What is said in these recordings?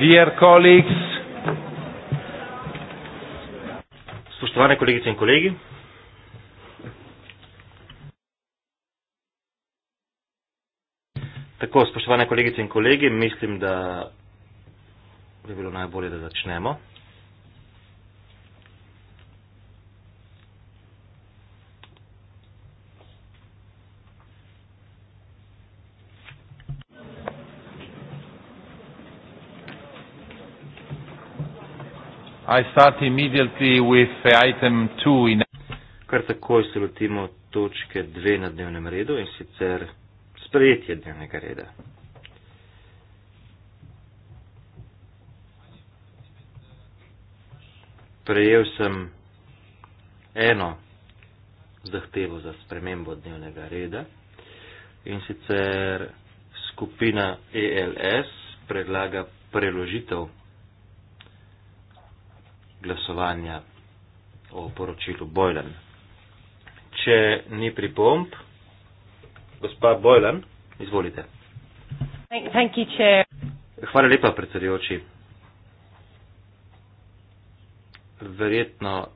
dear colleagues. Spoštovane kolegice in kolegi. Tako, spoštovane kolegice in kolegi, mislim, da bi bilo najbolje, da začnemo. I start immediately with item 2 in kar takoj se lotimo točke 2 na dnevnem redu in sicer sprejetje dnevnega reda. Prejel sem eno zahtevo za spremembo dnevnega reda in sicer skupina ELS predlaga preložitev glasovanja o poročilu Bojlan. Če ni pripomb, gospa Bojlan, izvolite. Thank you, chair. Hvala lepa, predsedujoči. Verjetno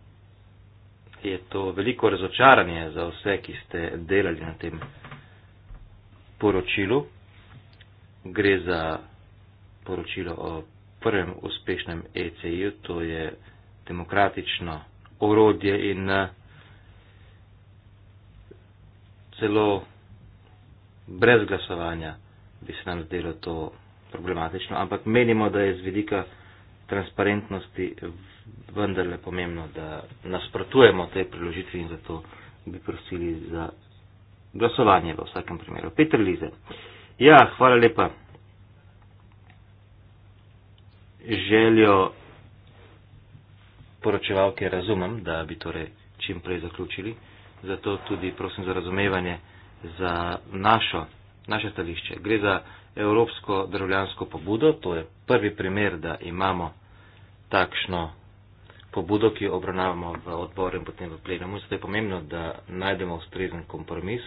je to veliko razočaranje za vse, ki ste delali na tem poročilu. Gre za poročilo o prvem uspešnem ECI-ju, to je demokratično orodje in eh, celo brez glasovanja bi se nam zdelo to problematično, ampak menimo, da je z vidika transparentnosti vendarle pomembno, da nasprotujemo tej preložitvi in zato bi prosili za glasovanje v vsakem primeru. Petr Lize. Ja, hvala lepa. Željo poročevalke razumem, da bi torej čim prej zaključili. Zato tudi prosim za razumevanje za našo, naše stališče. Gre za evropsko državljansko pobudo. To je prvi primer, da imamo takšno pobudo, ki jo obravnavamo v odboru in potem v plenumu. Zato je pomembno, da najdemo ustrezen kompromis,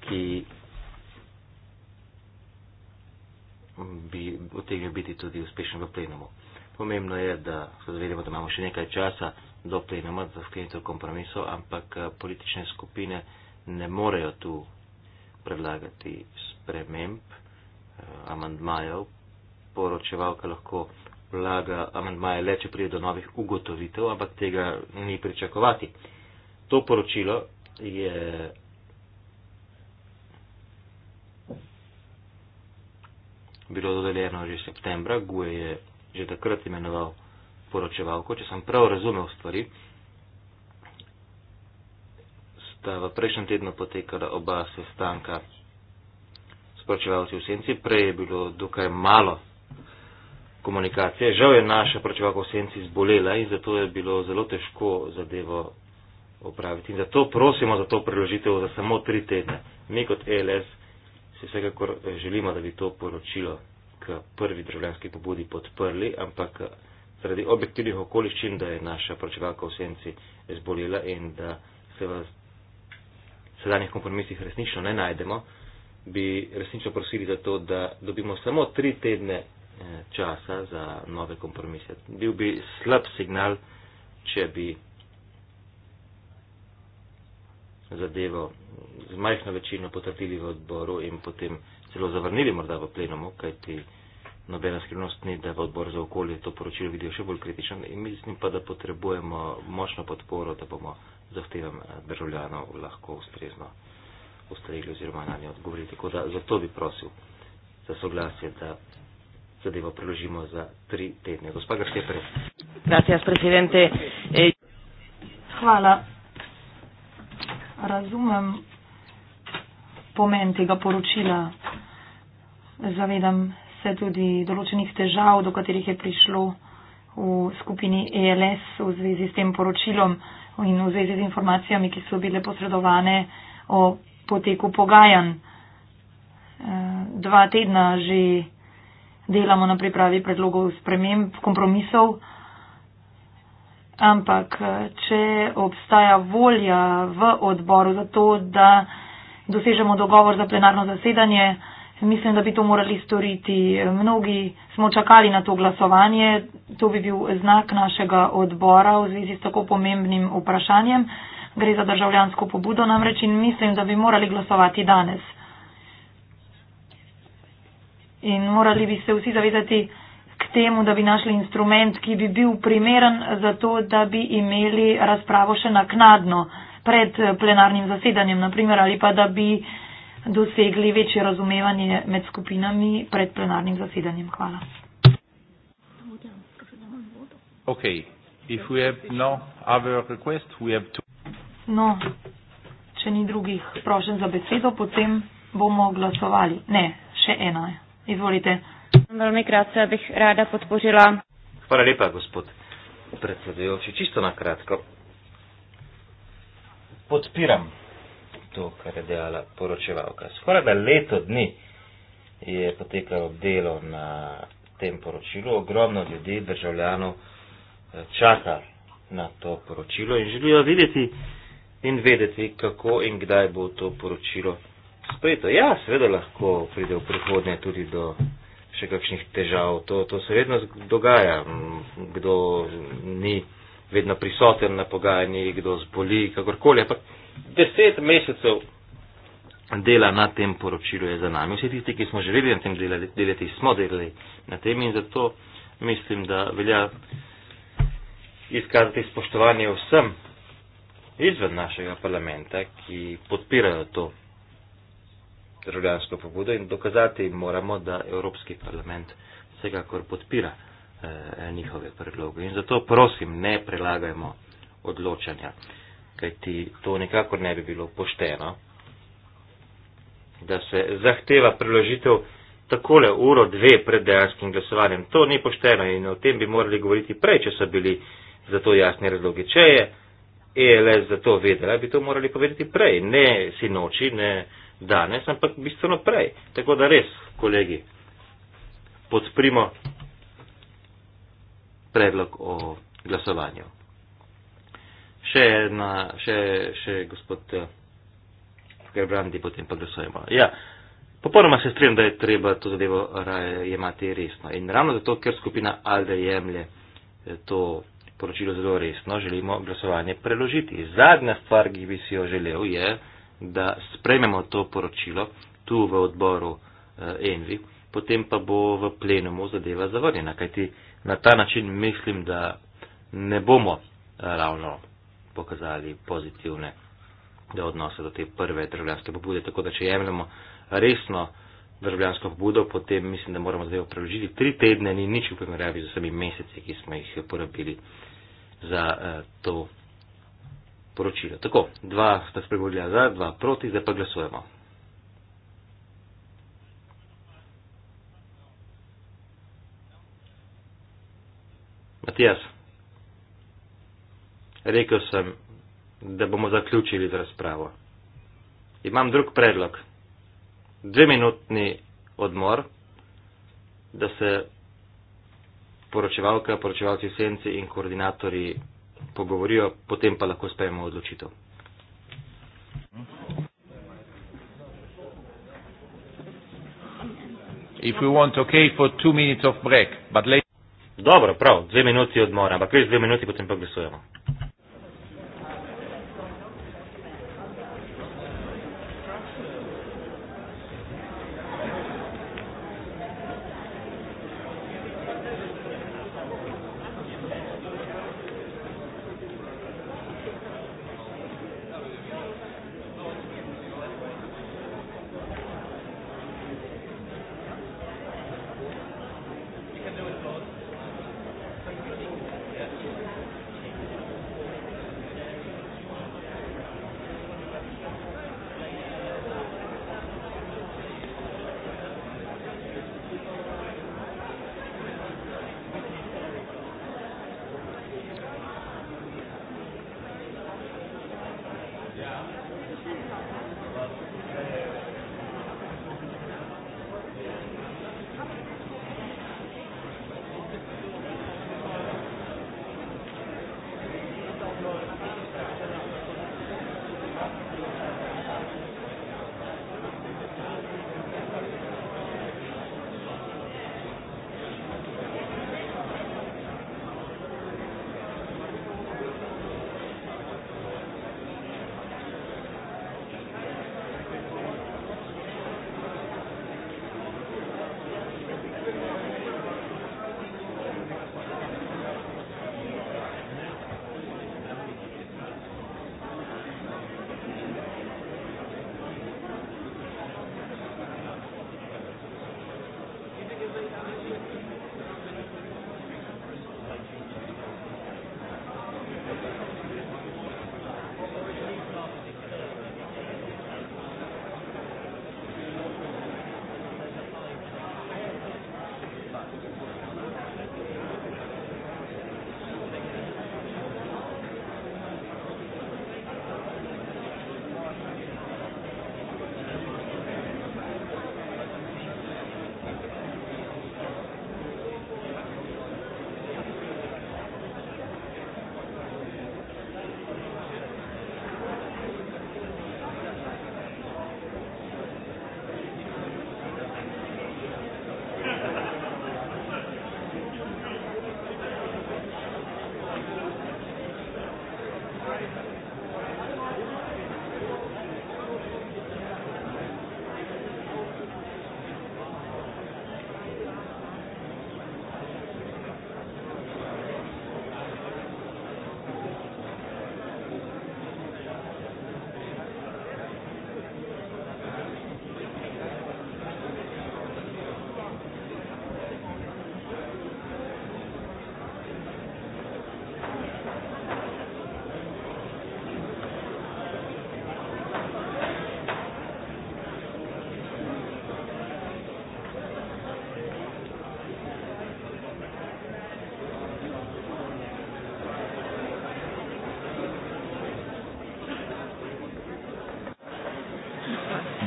ki bi potegnil biti tudi uspešen v plenumu. Pomembno je, da se zavedamo, da imamo še nekaj časa do plenoma za sklenitev kompromisov, ampak eh, politične skupine ne morejo tu predlagati sprememb, eh, amandmajev. Poročevalka lahko vlaga amandmaje le, če prije do novih ugotovitev, ampak tega ni pričakovati. To poročilo je bilo dodeljeno že septembra, Guje je že takrat imenoval poročevalko, če sem prav razumel stvari, sta v prejšnjem tednu potekala oba sestanka s poročevalci v senci, prej je bilo dokaj malo komunikacije. Žal je naša poročevalka v senci zbolela in zato je bilo zelo težko zadevo opraviti. In zato prosimo za to preložitev za samo tri tedne. Mi kot ELS si vsekakor želimo, da bi to poročilo k prvi državljanski pobudi podprli, ampak zaradi objektivnih okoliščin, da je naša pročevalka v senci zbolila in da se v sedanjih kompromisih resnično ne najdemo, bi resnično prosili za to, da dobimo samo tri tedne eh, časa za nove kompromise. Bil bi slab signal, če bi zadevo z majhno večino potrdili v odboru in potem celo zavrnili morda v plenumu, kajti nobena skrivnost ni, da v odbor za okolje to poročilo vidijo še bolj kritično in mislim pa, da potrebujemo močno podporo, da bomo zahtevam državljanov lahko ustrezno ustrezili oziroma na nje odgovorili. Tako da zato bi prosil za soglasje, da zadevo preložimo za tri tedne. Gospa Gršepre. Gracias, presidente. Eh, Hvala. Razumem pomen tega poročila Zavedam se tudi določenih težav, do katerih je prišlo v skupini ELS v zvezi s tem poročilom in v zvezi z informacijami, ki so bile posredovane o poteku pogajan. Eh, dva tedna že delamo na pripravi predlogov sprememb, kompromisov, ampak eh, če obstaja volja v odboru za to, da dosežemo dogovor za plenarno zasedanje, Mislim, da bi to morali storiti. Mnogi smo čakali na to glasovanje. To bi bil znak našega odbora v zvezi s tako pomembnim vprašanjem. Gre za državljansko pobudo namreč in mislim, da bi morali glasovati danes. In morali bi se vsi zavedati k temu, da bi našli instrument, ki bi bil primeren za to, da bi imeli razpravo še naknadno pred plenarnim zasedanjem, naprimer, ali pa da bi dosegli večje razumevanje med skupinami pred plenarnim zasedanjem. Hvala. Okay. If we have no other request, we have to... No, če ni drugih prošen za besedo, potem bomo glasovali. Ne, še ena. Izvolite. Veliko kratko bih rada podpožila. Hvala lepa, gospod predsedujoči. Čisto na kratko. Podpiram to, kar je dejala poročevalka. Skoraj na leto dni je potekalo delo na tem poročilu. Ogromno ljudi, državljanov eh, čaka na to poročilo in želijo videti in vedeti, kako in kdaj bo to poročilo sprejeto. Ja, seveda lahko pride v prihodnje tudi do še kakšnih težav. To, to se vedno dogaja, kdo ni vedno prisoten na pogajanjih, kdo zboli, kakorkoli. Ampak deset mesecev dela na tem poročilu je za nami. Vsi tisti, ki smo želeli na tem delali, delati, smo delali na tem in zato mislim, da velja izkazati spoštovanje vsem izven našega parlamenta, ki podpirajo to državljansko pobudo in dokazati moramo, da Evropski parlament vsekakor podpira eh, njihove predloge. In zato prosim, ne prelagajmo odločanja. Eh, kajti to nikakor ne bi bilo pošteno, da se zahteva preložitev takole uro dve pred dejanskim glasovanjem. To ni pošteno in o tem bi morali govoriti prej, če so bili za to jasni razlogi. Če je ELS za to vedela, bi to morali povedati prej, ne si noči, ne danes, ampak bistveno prej. Tako da res, kolegi, podprimo predlog o glasovanju še ena, še, še gospod eh, Gerbrandi, potem pa glasujemo. Ja, popolnoma se strinjam, da je treba to zadevo jemati resno. In ravno zato, ker skupina Alde jemlje eh, to poročilo zelo resno, želimo glasovanje preložiti. Zadnja stvar, ki bi si jo želel, je, da sprejmemo to poročilo tu v odboru eh, Envi, potem pa bo v plenumu zadeva zavrnjena, kajti na ta način mislim, da ne bomo ravno pokazali pozitivne odnose do te prve državljanske pobude. Tako da, če jemljemo resno državljansko pobudo, potem mislim, da moramo zdaj opravljati tri tedne, ni nič v primerjavi z vsemi meseci, ki smo jih porabili za eh, to poročilo. Tako, dva sta spregovorila za, dva proti, zdaj pa glasujemo. Matijas rekel sem, da bomo zaključili z razpravo. Imam drug predlog. Dveminutni odmor, da se poročevalka, poročevalci v senci in koordinatori pogovorijo, potem pa lahko sprejemo odločitev. Want, okay, break, late... Dobro, prav, dve minuti odmora, ampak res dve minuti, potem pa glasujemo.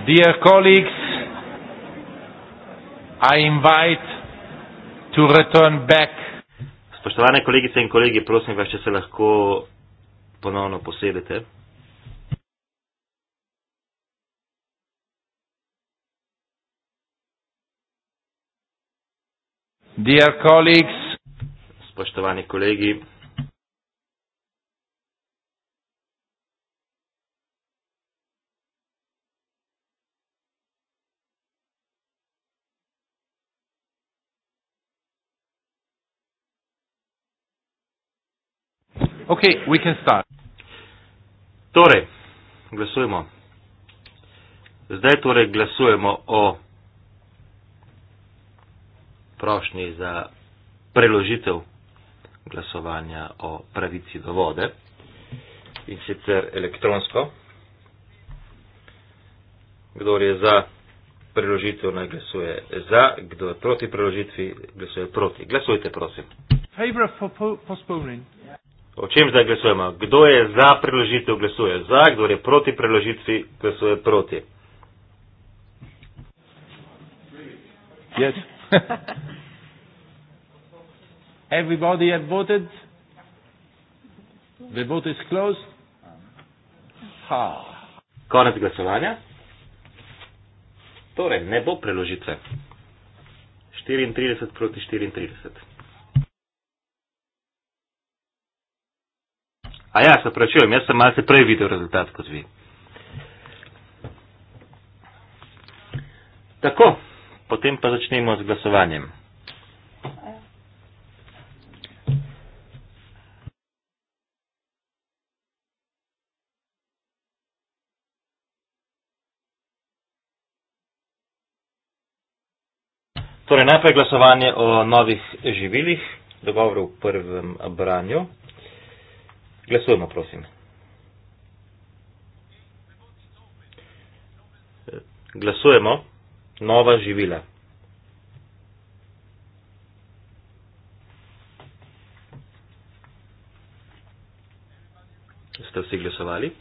dear colleagues, I invite to return back. Spoštovane kolegice in kolegi, prosim vas, če se lahko ponovno posedete. Dear colleagues, spoštovani kolegi, Okay, we can start. Torej, glasujemo. Zdaj torej glasujemo o prošnji za preložitev glasovanja o pravici do vode in sicer elektronsko. Kdor je za preložitev, naj glasuje za, kdo je proti preložitvi, glasuje proti. Glasujte, prosim. Favor for postponing. O čem zdaj glasujemo? Kdo je za preložitev, glasuje za, kdo je proti preložitvi, glasuje proti. Yes. Everybody had voted. The vote is closed. Ha. Konec glasovanja. Torej, ne bo preložitve. 34 proti 34. A ja, se prečujem, jaz sem malce prej videl rezultat kot vi. Tako, potem pa začnemo z glasovanjem. Torej, najprej glasovanje o novih živilih, dogovor v prvem branju. Glasujemo, prosim. Glasujemo, nova živila. Ste vsi glasovali?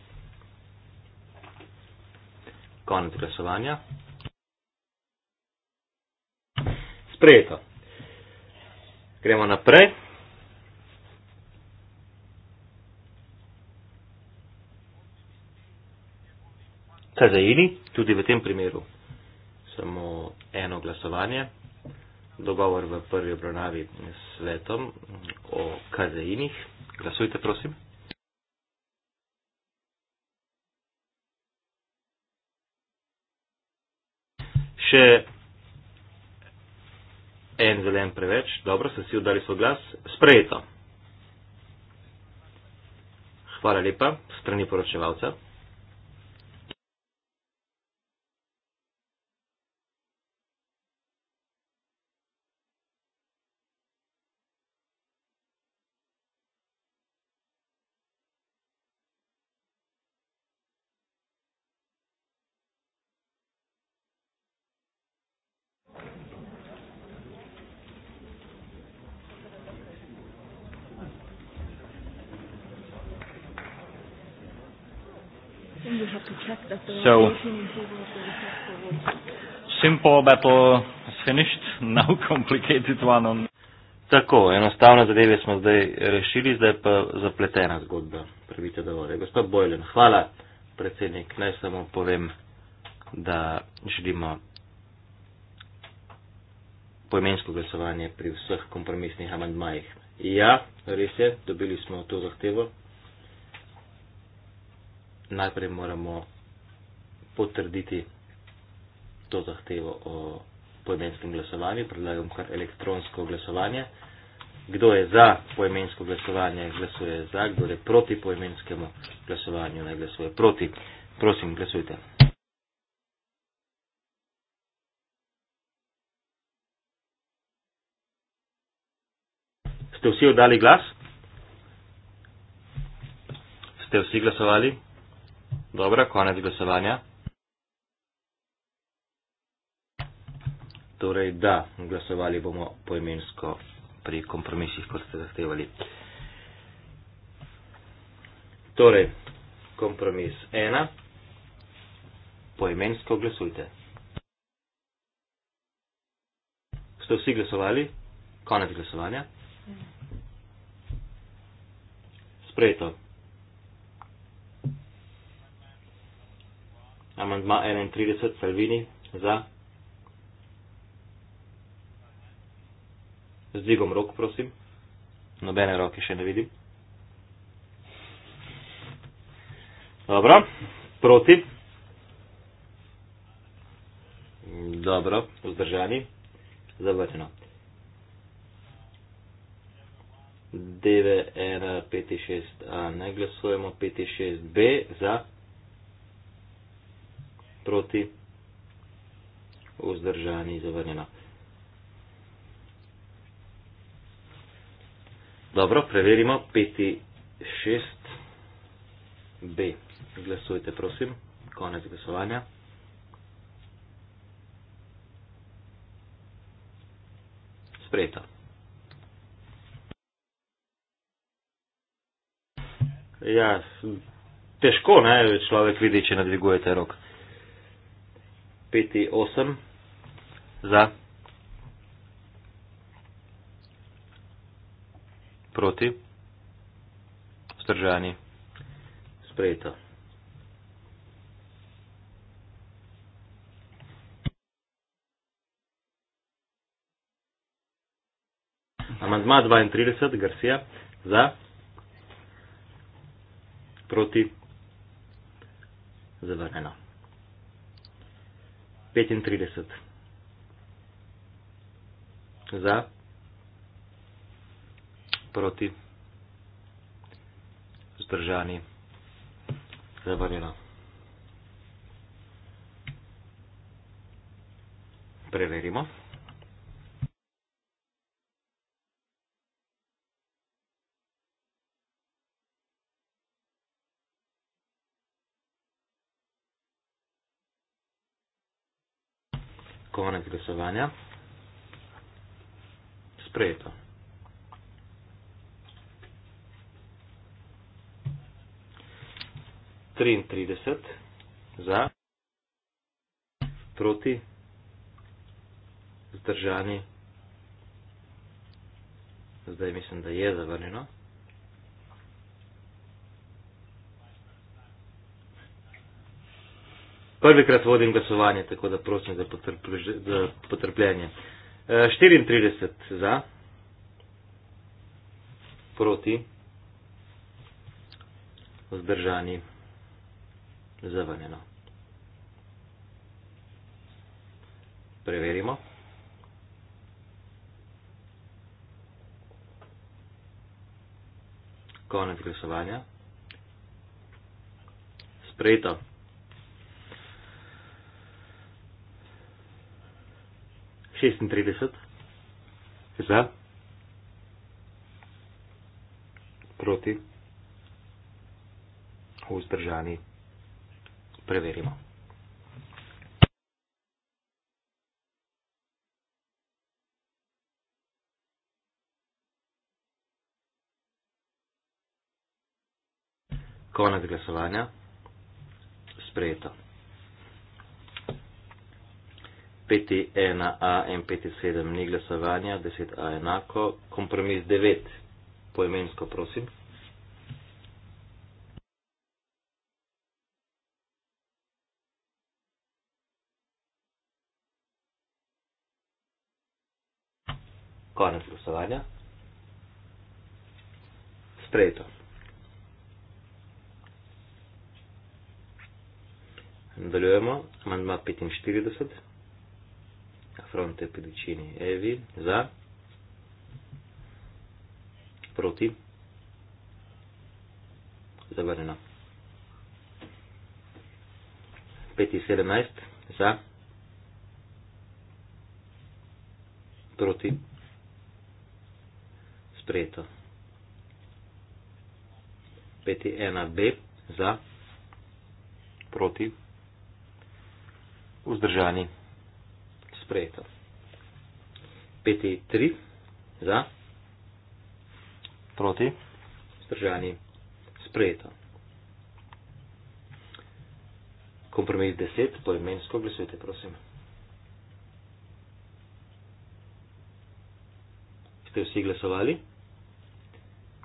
Konec glasovanja. Sprejeto. Gremo naprej. Kazajini, tudi v tem primeru samo eno glasovanje, dogovor v prvi obravnavi s svetom o kazajinih. Glasujte, prosim. Še en zelen preveč, dobro, ste si oddali svoj glas, sprejeto. Hvala lepa, strani poročevalca. So, simple battle is finished, now complicated one on. Tako, enostavne zadeve smo zdaj rešili, zdaj pa zapletena zgodba. Pravite, da vode. Gospod Bojlen, hvala, predsednik. Naj samo povem, da želimo poimensko glasovanje pri vseh kompromisnih amandmajih. Ja, res je, dobili smo to zahtevo najprej moramo potrditi to zahtevo o poemenskem glasovanju, predlagam kar elektronsko glasovanje. Kdo je za poemensko glasovanje, glasuje za, kdo je proti poemenskemu glasovanju, naj glasuje proti. Prosim, glasujte. Ste vsi oddali glas? Ste vsi glasovali? Dobro, konec glasovanja. Torej, da, glasovali bomo poimensko pri kompromisih, kot ste zahtevali. Torej, kompromis ena, poimensko glasujte. Ste vsi glasovali? Konec glasovanja. Sprejeto. Amandma 31, Salvini, za. Z dvigom rok, prosim. Nobene roke še ne vidim. Dobro, proti. Dobro, vzdržani. Zavrteno. 9, 1, 5, 6, A ne glasujemo, 5, 6, B za proti, vzdržani, zavrnjena. Dobro, preverimo 5.6b. Glasujte, prosim, konec glasovanja. Sprejeto. Ja, težko, ne, človek vidi, če nadvigujete roke. 5 i 8 za proti vzdržani sprejeto. Amandma 32, Garcia, za, proti, zavrneno. 35. Za, proti, zdržani, zavrnjeno. Preverimo. konec glasovanja. Sprejeto. Triintrideset za, proti, zdržani, zdaj mislim, da je zavrnjeno. Prvikrat vodim glasovanje, tako da prosim za, potrpl za potrpljenje. E, 34 za, proti, vzdržani, zavrnjeno. Preverimo. Konec glasovanja. Sprejeto. 36. Za. Proti. Vzdržani. Preverimo. Konec glasovanja. Sprejeto. 5A in 5-7 ni glasovanja, 10A enako, kompromis 9, poimensko prosim. Konec glasovanja. Sprejeto. Nadaljujemo. Amandma 45 fronte per vicini. Evi, za. Proti. Zabranjeno. 5.17. Za. Proti. Sprejeto. 5.1. B. Za. Proti. Vzdržani. 5.2 sprejeto. 5.3 za. Proti. Zdržani. Sprejeto. Kompromis 10, poimensko glasujte, prosim. Ste vsi glasovali?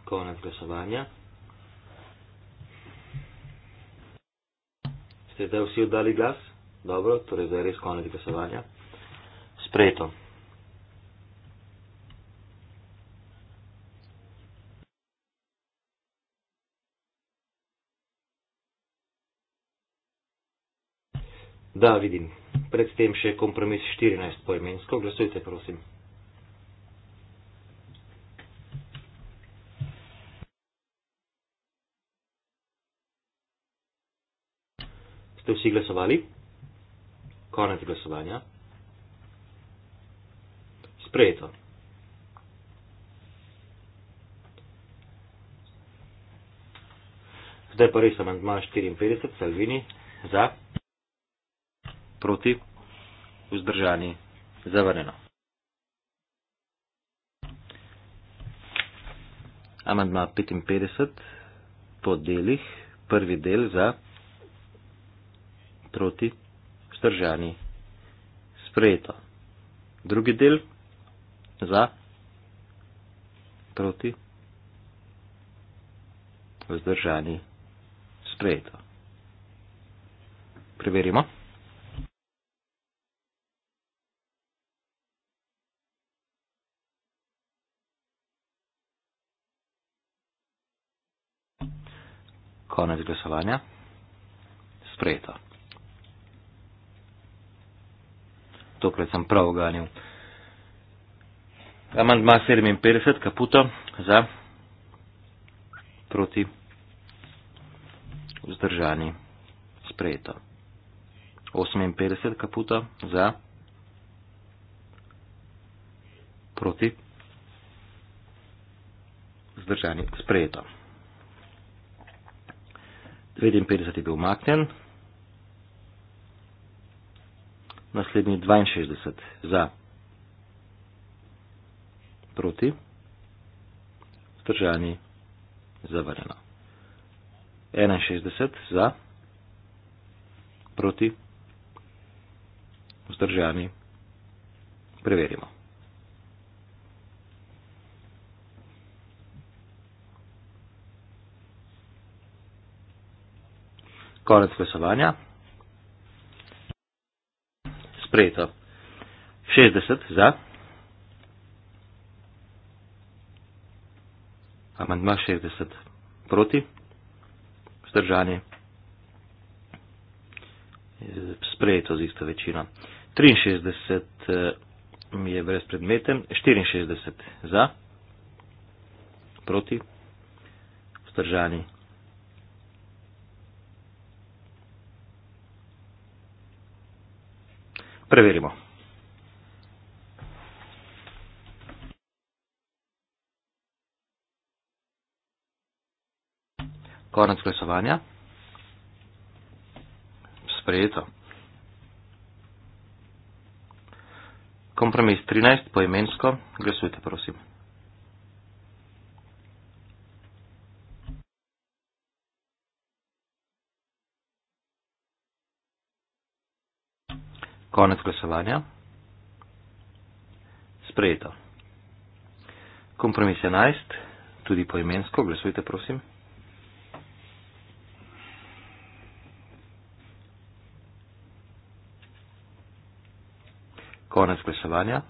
Konec glasovanja. Ste zdaj vsi oddali glas? Dobro, torej zdaj je res konec glasovanja odpreto. Da, vidim. Predtem še kompromis 14 poimensko. Glasujte, prosim. Ste vsi glasovali? Konec glasovanja sprejeto. Zdaj pa res amantma 54, Salvini, za, proti, vzdržani, zavrneno. Amantma 55, po delih, prvi del za, proti, vzdržani, sprejeto. Drugi del za, proti, vzdržani, sprejeto. Preverimo. Konec glasovanja. Sprejeto. Tokrat sem prav oganil. Amandma 57, Kaputo, za, proti, vzdržani, sprejeto. 58, Kaputo, za, proti, vzdržani, sprejeto. 59 je bil umaknjen. Naslednji 62 za proti, vzdržani zavrjeno. 61 za, proti, vzdržani, preverimo. Konec glasovanja. Sprejeto. 60 za. Amandma 60. Proti. Vzdržanje. Sprejeto z isto večino. 63 eh, je brez predmeten. 64 za. Proti. Vzdržanje. Preverimo. Konec glasovanja. Sprejeto. Kompromis 13 poimensko. Glasujte, prosim. Konec glasovanja. Sprejeto. Kompromis 11. Tudi poimensko. Glasujte, prosim. Konec glasovanja.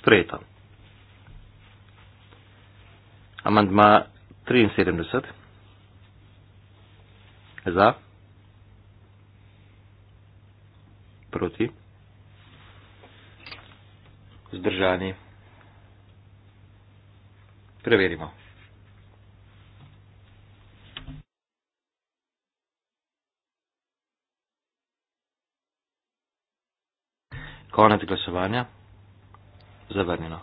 Sprejeto. Amandma 73. Za. Proti. Zdržani. Preverimo. Konec glasovanja. Zavrnjeno.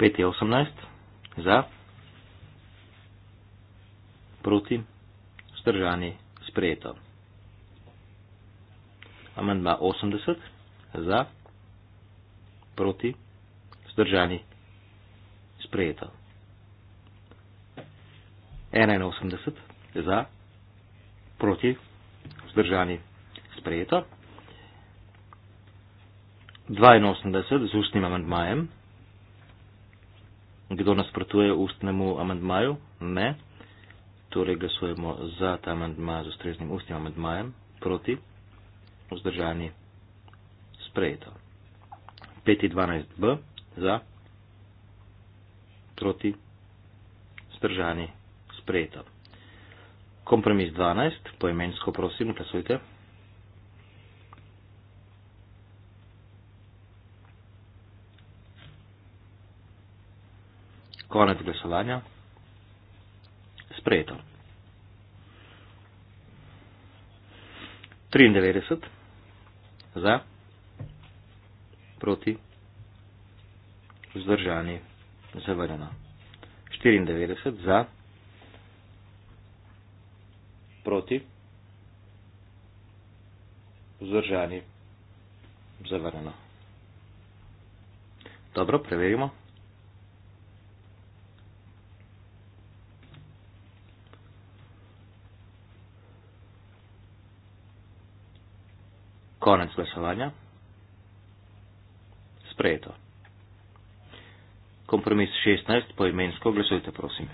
5 je 18. Za. Proti. Stržani. Sprejeto. Amendma 80. Za. Proti. Stržani. Sprejeto. 81. Za. Proti. Zdržani. Sprejeto. 82 z ustnim amandmajem. Kdo nasprotuje ustnemu amandmaju? Ne. Torej glasujemo za ta amandma z ustreznim ustnim amandmajem. Proti. Vzdržani. Sprejeto. 512b. Za. Proti. Vzdržani. Sprejeto. Kompromis 12. Poimensko prosim, glasujte. Konec glasovanja. Sprejeto. 93 za, proti, vzdržani, zavrnjeno. 94 za, proti, vzdržani, zavrnjeno. Dobro, preverimo. Konec glasovanja. Sprejeto. Kompromis 16 poimensko glasujte, prosim.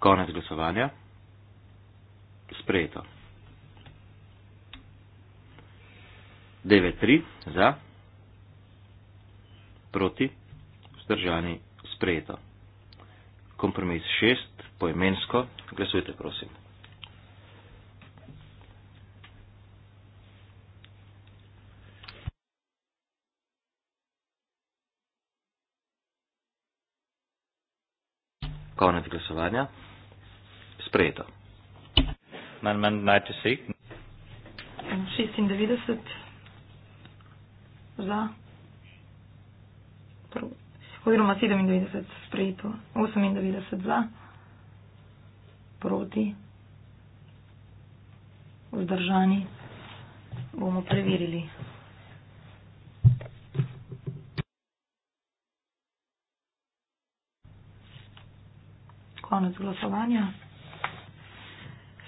Konec glasovanja. Sprejeto. 9-3 za, proti, vzdržani, sprejeto kompromis šest, poimensko, glasujte prosim. Konec glasovanja. Sprejeto. Amendment 96. 96. Za. Prvo oziroma 97 sprejeto, 98 za, proti, vzdržani, bomo preverili. Konec glasovanja.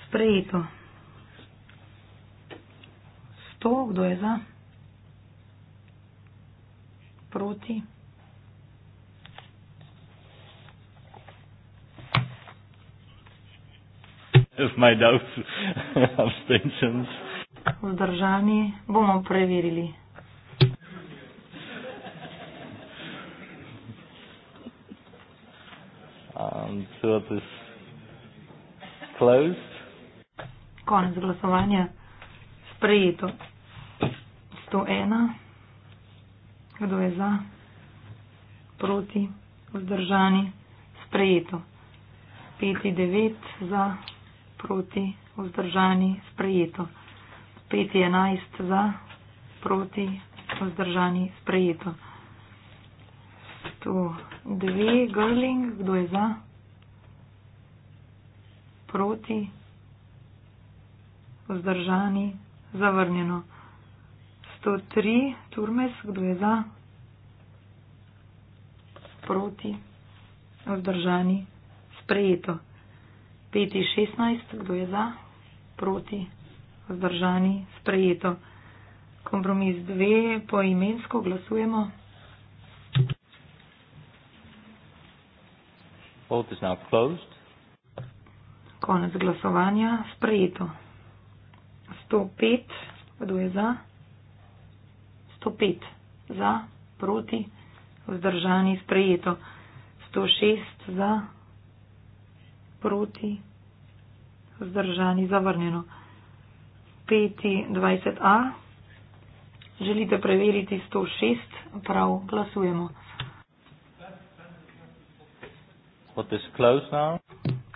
Sprejeto. 100, kdo je za? Proti. of my doubts, abstentions. Vzdržani bomo preverili. Um, so it is closed. Konec glasovanja. Sprejeto. 101. Kdo je za? Proti? Vzdržani? Sprejeto. 5 in 9 za proti, vzdržani, sprejeto. 5.11 za, proti, vzdržani, sprejeto. 102, Gerling, kdo je za? Proti, vzdržani, zavrnjeno. 103, Turmes, kdo je za? Proti, vzdržani, sprejeto. 5 in 16, kdo je za, proti, vzdržani, sprejeto. Kompromis 2, poimensko glasujemo. Vote is now closed. Konec glasovanja, sprejeto. 105, kdo je za? 105, za, proti, vzdržani, sprejeto. 106, za proti, vzdržani, zavrnjeno. 25a. Želite preveriti 106? Prav, glasujemo.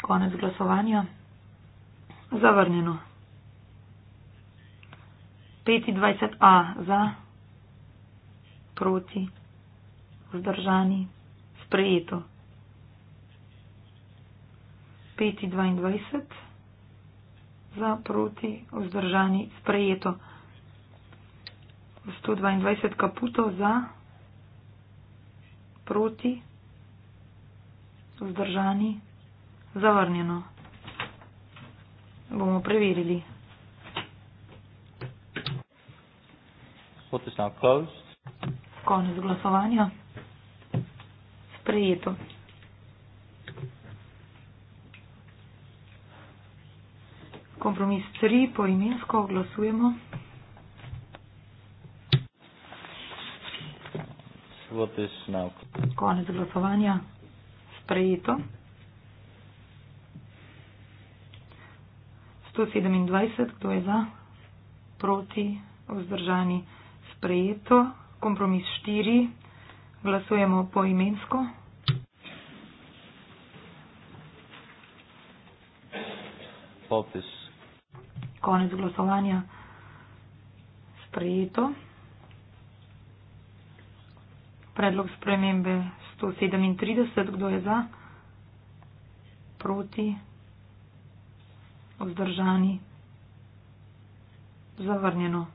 Konec glasovanja. Zavrnjeno. 25a za, proti, vzdržani, sprejeto. 5.22 za proti vzdržani sprejeto. 122 kaputo za proti vzdržani zavrnjeno. Bomo preverili. Vote is now closed. Konec glasovanja. Sprejeto. kompromis 3 poimensko glasujemo. Konec glasovanja. Sprejeto. 127, kdo je za? Proti, vzdržani. Sprejeto. Kompromis 4. Glasujemo poimensko. Potis konec glasovanja sprejeto. Predlog spremembe 137, kdo je za, proti, vzdržani, zavrnjeno.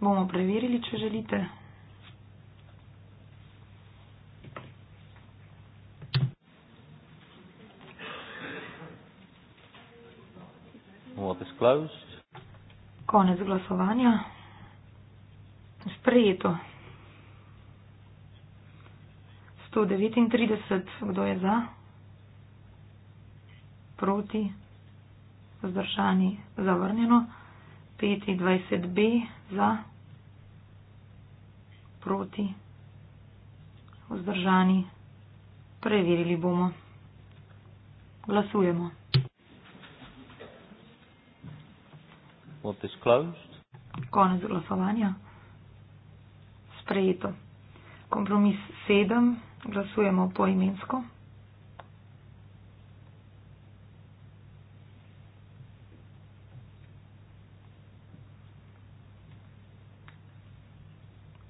Bomo preverili, če želite. more disclosed. Konec glasovanja. Sprejeto. 139, kdo je za? Proti? Zdržani? Zavrnjeno? 25b za? Proti? Vzdržani? Preverili bomo. Glasujemo. Report is closed. Konec glasovanja. Sprejeto. Kompromis 7. Glasujemo poimensko.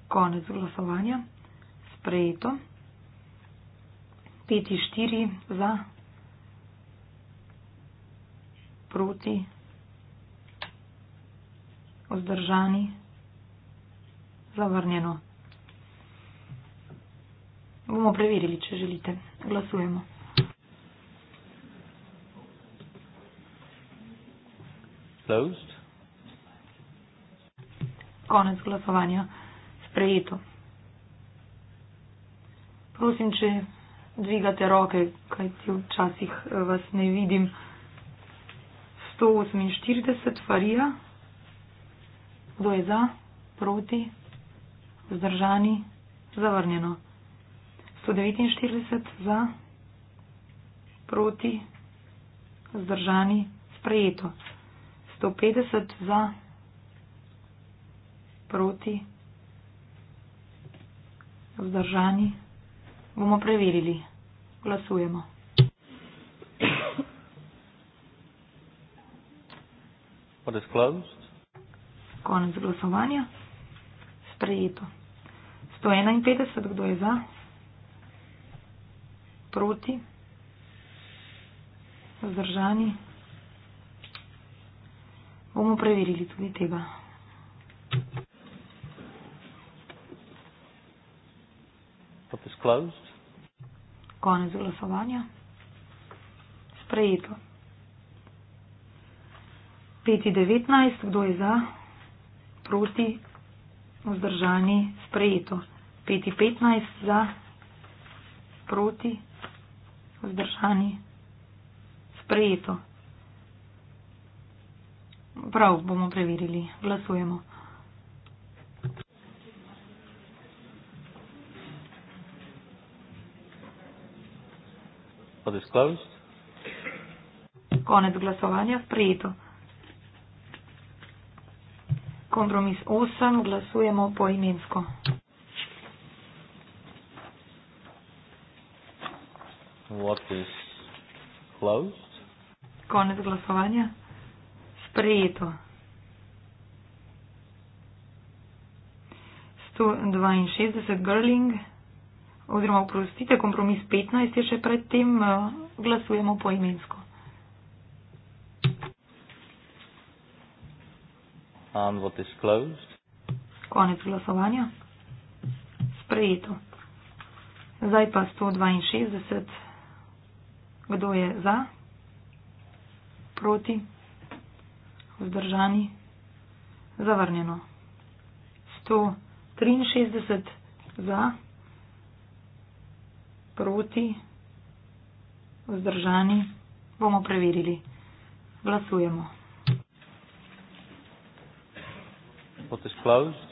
Konec glasovanja. Sprejeto. 5-4 za. Proti vzdržani, zavrnjeno. Bomo preverili, če želite. Glasujemo. Closed. Konec glasovanja. Sprejeto. Prosim, če dvigate roke, kajti včasih eh, vas ne vidim. 148 farija. Kdo je za? Proti? Zdržani? Zavrnjeno. 149 za? Proti? Zdržani? Sprejeto. 150 za? Proti? Zdržani? Bomo preverili. Glasujemo. Pa da skladu s Konec glasovanja. Sprejeto. 151, kdo je za? Proti? Zdržani? Bomo preverili tudi tega. Konec glasovanja. Sprejeto. 5.19, kdo je za? proti, vzdržani, sprejeto. 515 za, proti, vzdržani, sprejeto. Prav, bomo preverili. Glasujemo. Konec glasovanja, sprejeto kompromis 8, glasujemo poimensko. Konec glasovanja. Sprejeto. 162 Grling, oziroma oprostite, kompromis 15 je še predtem, eh, glasujemo poimensko. and what is closed. Konec glasovanja. Sprejeto. Zdaj pa 162. Kdo je za? Proti? Vzdržani? Zavrnjeno. 163 za, proti, vzdržani, bomo preverili. Glasujemo. Vote is closed.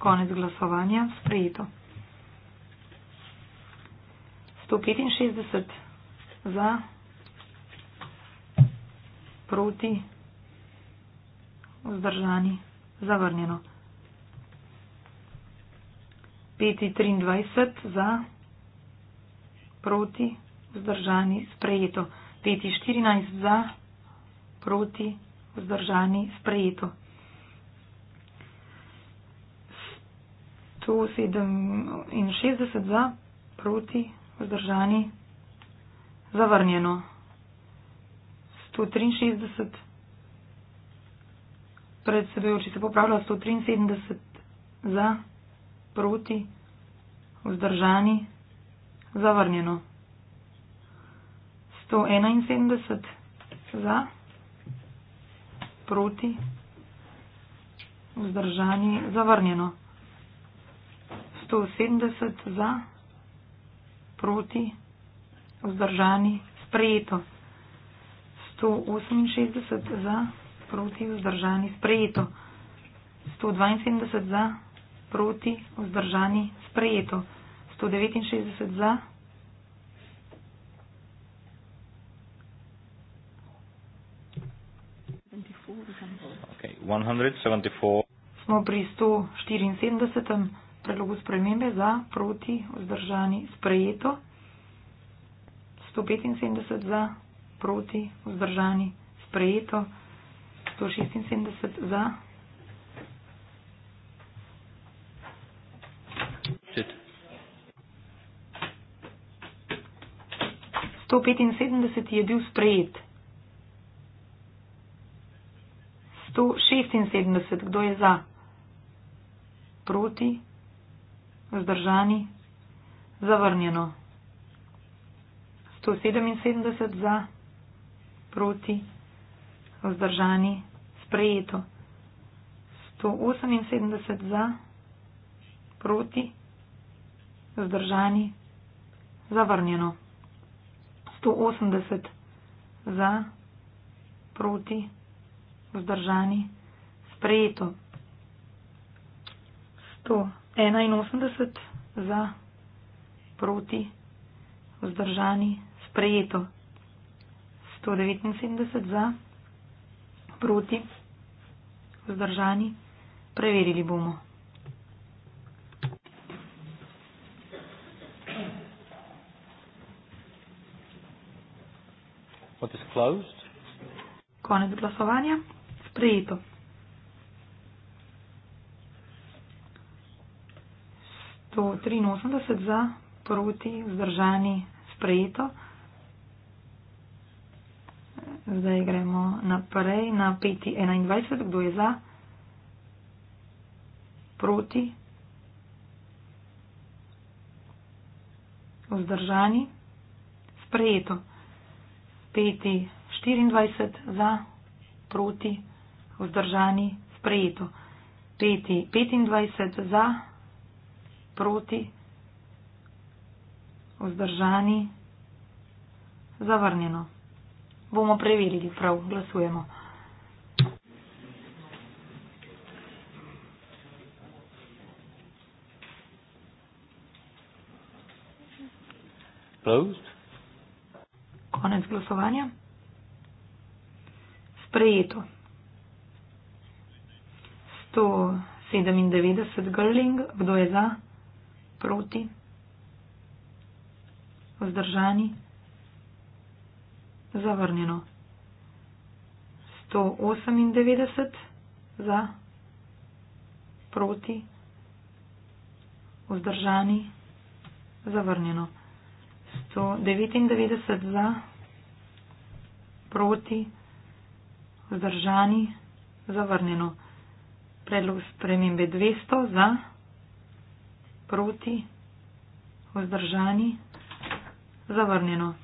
Konec glasovanja. Sprejeto. 165 za, proti, vzdržani, zavrnjeno. 523 za, proti, vzdržani, sprejeto. 514 za, proti, vzdržani, sprejeto. 167 za, proti, vzdržani, zavrnjeno. 163, predsedujoči se popravlja, 173 za, proti, vzdržani, zavrnjeno. 171 za, proti, vzdržani, zavrnjeno. 170 za, proti, vzdržani, sprejeto. 168 za, proti, vzdržani, sprejeto. 172 za, proti, vzdržani, sprejeto. 169 za. Okay, 174. Smo pri 174 predlogu spremembe za proti vzdržani sprejeto. 175 za proti vzdržani sprejeto. 176 za. 175 je bil sprejet. 176, kdo je za? Proti vzdržani, zavrnjeno. 177 za, proti, vzdržani, sprejeto. 178 za, proti, vzdržani, zavrnjeno. 180 za, proti, vzdržani, sprejeto. 100. 81 za, proti, vzdržani, sprejeto. 179 za, proti, vzdržani, preverili bomo. Konec glasovanja, sprejeto. 183 za, proti, vzdržani, sprejeto. Zdaj gremo naprej na 5.21. Kdo je za? Proti. Vzdržani. Sprejeto. 5.24 za, proti. Vzdržani. Sprejeto. 5.25 za proti, vzdržani, zavrnjeno. Bomo preverili, prav glasujemo. Closed. Konec glasovanja. Sprejeto. 197 grling, kdo je za? sproti, vzdržani, zavrnjeno. 198 za, proti, vzdržani, zavrnjeno. 199 za, proti, vzdržani, zavrnjeno. Predlog spremembe 200 za proti, vzdržani, zavrnjeno.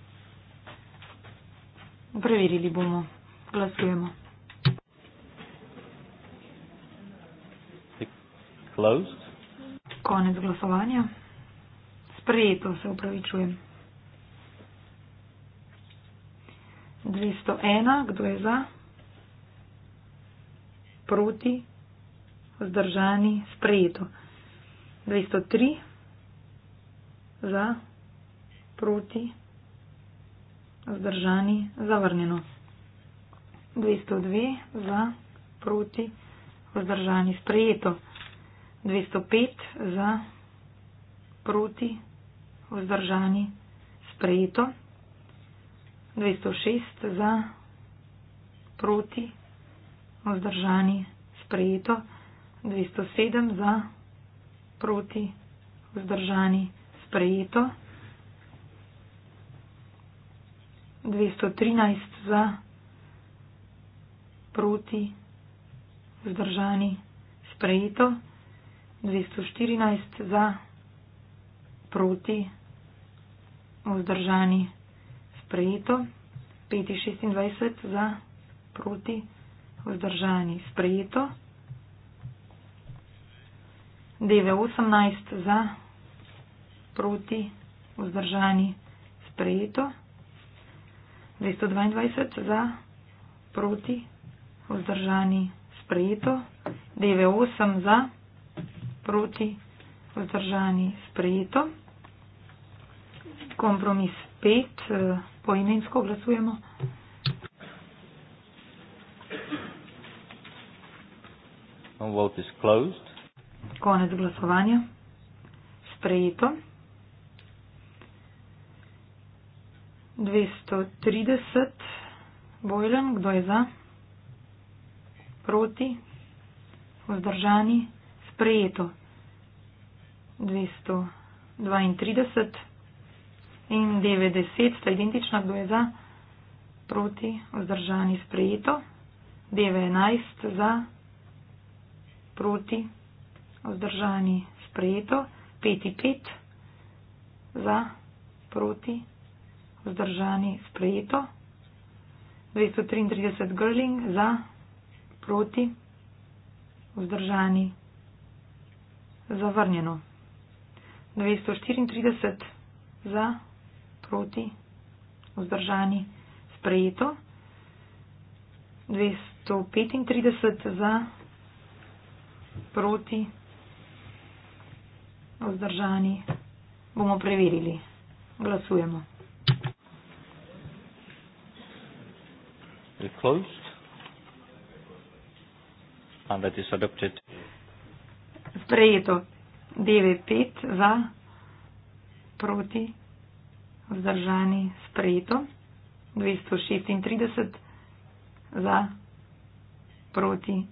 Preverili bomo, glasujemo. Closed. Konec glasovanja. Sprejeto se upravičujem. 201, kdo je za? Proti, vzdržani, sprejeto. 203 za, proti, zdržani, zavrnjeno. 202 za, proti, vzdržani, sprejeto. 205 za, proti, vzdržani, sprejeto. 206 za, proti, vzdržani, sprejeto. 207 za, proti, proti, vzdržani, sprejeto. 213 za, proti, vzdržani, sprejeto. 214 za, proti, vzdržani, sprejeto. 526 za, proti, vzdržani, sprejeto. DV18 za, proti, vzdržani, sprejeto. 222 za, proti, vzdržani, sprejeto. DV8 za, proti, vzdržani, sprejeto. Kompromis 5, eh, poimensko glasujemo. Vote is closed. Konec glasovanja. Sprejeto. 230. Bojlen, kdo je za? Proti? Vzdržani? Sprejeto. 232. In 90 sta identična, kdo je za? Proti? Vzdržani? Sprejeto. 911 za? Proti? vzdržani, sprejeto, peti pet, za, proti, vzdržani, sprejeto, 233 grling, za, proti, vzdržani, zavrnjeno, 234 za, proti, vzdržani, sprejeto, 235 za, proti, vzdržani, Vzdržani. Bomo preverili. Glasujemo. Sprejeto. 9-5 za, proti, vzdržani, sprejeto. 236 za, proti,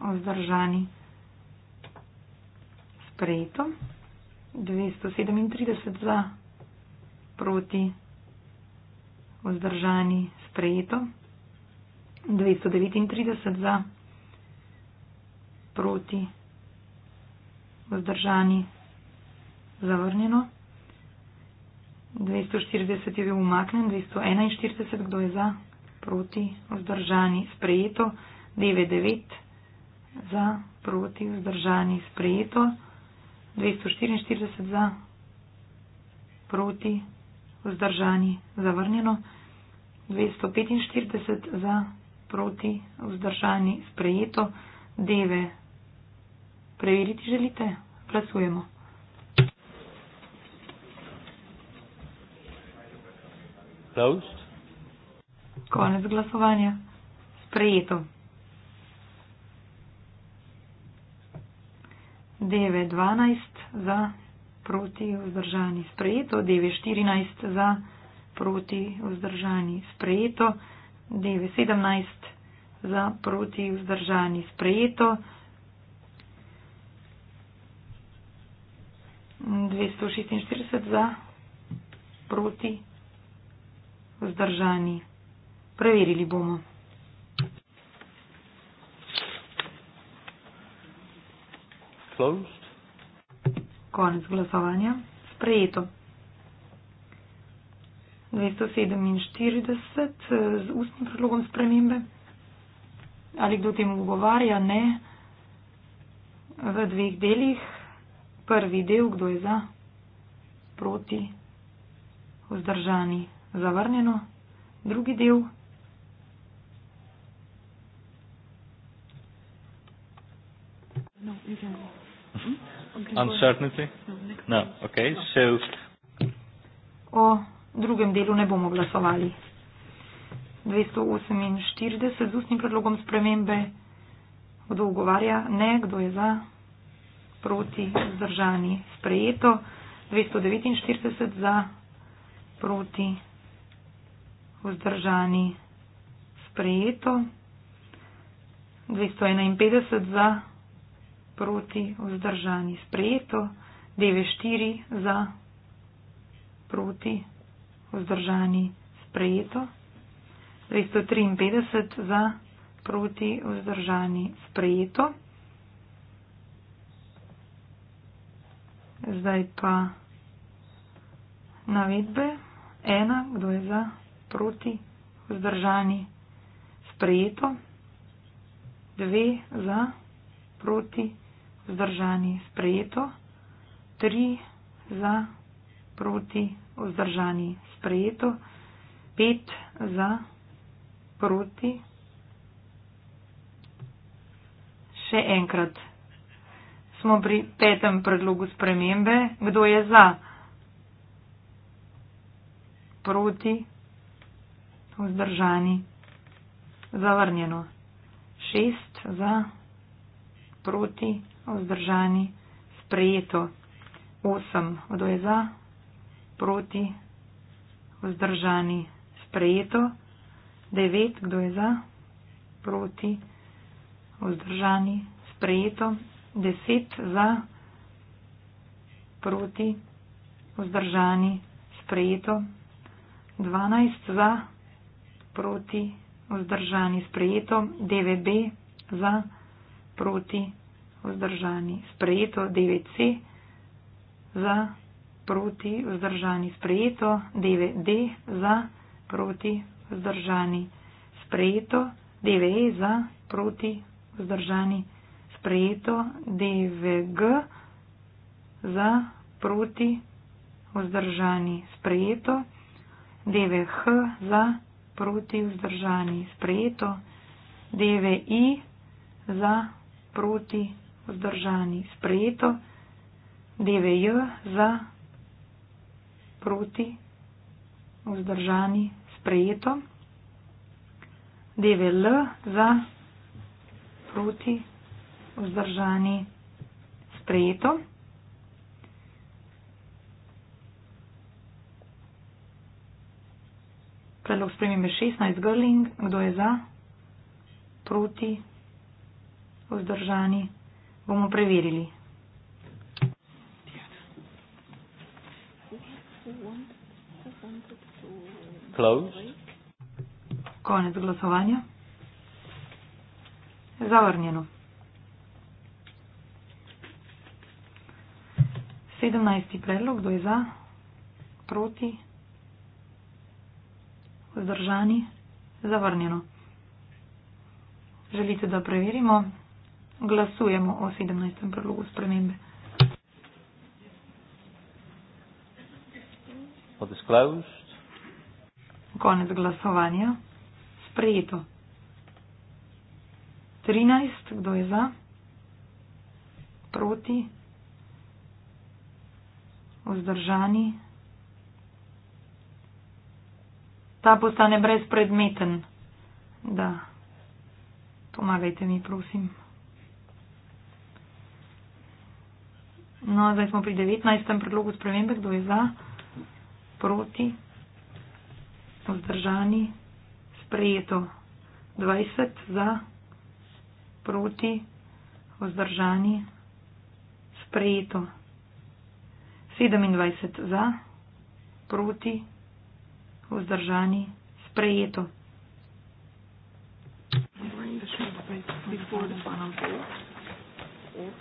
vzdržani sprejeto. 237 za, proti, vzdržani, sprejeto. 239 za, proti, vzdržani, zavrnjeno. 240 je bil umaknen, 241, kdo je za, proti, vzdržani, sprejeto, 99 za, proti, vzdržani, sprejeto, 244 za, proti, vzdržani, zavrnjeno. 245 za, proti, vzdržani, sprejeto. Deve, preveriti želite? Glasujemo. Konec glasovanja. Sprejeto. DV12 za proti vzdržani sprejeto, DV14 za proti vzdržani sprejeto, DV17 za proti vzdržani sprejeto. 246 za proti vzdržani. Preverili bomo. closed. Konec glasovanja. Sprejeto. 247 z ustnim predlogom spremembe. Ali kdo temu ugovarja? Ne. V dveh delih. Prvi del, kdo je za, proti, vzdržani, zavrnjeno. Drugi del. uncertainty? No, okay, so. O drugem delu ne bomo glasovali. 248 z ustnim predlogom spremembe. Kdo ugovarja? Ne. Kdo je za? Proti. Zdržani. Sprejeto. 249 za. Proti. Vzdržani. Sprejeto. 251 za proti, vzdržani, sprejeto, 9-4 za, proti, vzdržani, sprejeto, 253 za, proti, vzdržani, sprejeto. Zdaj pa navedbe. 1, kdo je za, proti, vzdržani, sprejeto. 2 za, proti, vzdržani vzdržani, sprejeto, 3 za, proti, vzdržani, sprejeto, 5 za, proti, še enkrat. Smo pri petem predlogu spremembe. Kdo je za? Proti, vzdržani, zavrnjeno. Šest za, proti, vzdržani vzdržani, sprejeto 8 od OEZA, proti vzdržani, sprejeto 9, kdo je za, proti vzdržani, sprejeto 10 za, proti vzdržani, sprejeto 12 za, proti vzdržani, sprejeto 9b za, proti vzdržani vzdržani, sprejeto DVC, za proti vzdržani, sprejeto DVD, za proti vzdržani, sprejeto DVE, e, za proti vzdržani, sprejeto DVG, za proti vzdržani, sprejeto DVH, za proti vzdržani, sprejeto DVI, za proti vzdržani vzdržani. Sprejeto DVJ za proti vzdržani. Sprejeto DVL za proti vzdržani. Sprejeto. Predlog spremembe 16 grling. Kdo je za? Proti. Vzdržani bomo preverili. Closed. Konec glasovanja. Zavrnjeno. 17. predlog, kdo je za, proti, vzdržani, zavrnjeno. Želite, da preverimo? glasujemo o 17. predlogu spremembe. Konec glasovanja. Sprejeto. 13. Kdo je za? Proti? Vzdržani? Ta postane brezpredmeten. Da. Pomagajte mi, prosim. No, zdaj smo pri 19. predlogu spremembe. Kdo je za? Proti? Vzdržani? Sprejeto. 20 za? Proti? Vzdržani? Sprejeto. 27 za? Proti? Vzdržani? Sprejeto.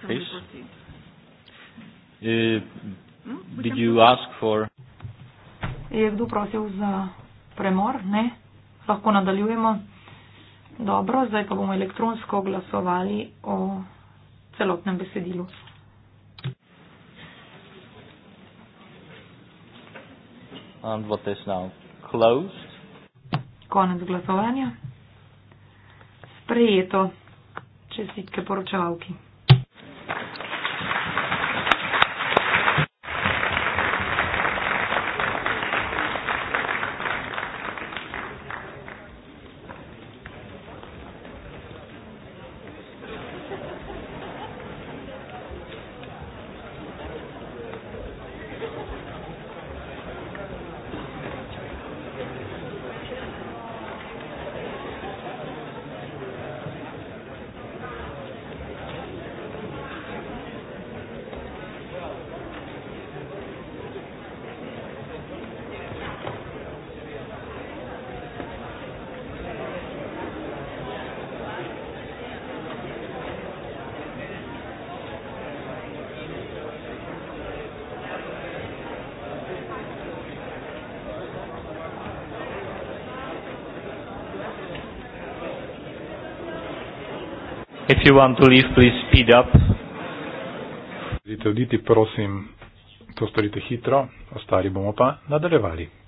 Peace. Eh, no, did you ask for? Je kdo prosil za premor? Ne. Lahko nadaljujemo. Dobro, zdaj pa bomo elektronsko glasovali o celotnem besedilu. And what is now closed? Konec glasovanja. Sprejeto. Čestitke poročevalki. you want to leave, please speed up. Zdite, oditi, prosim, to storite hitro, ostali bomo pa nadaljevali.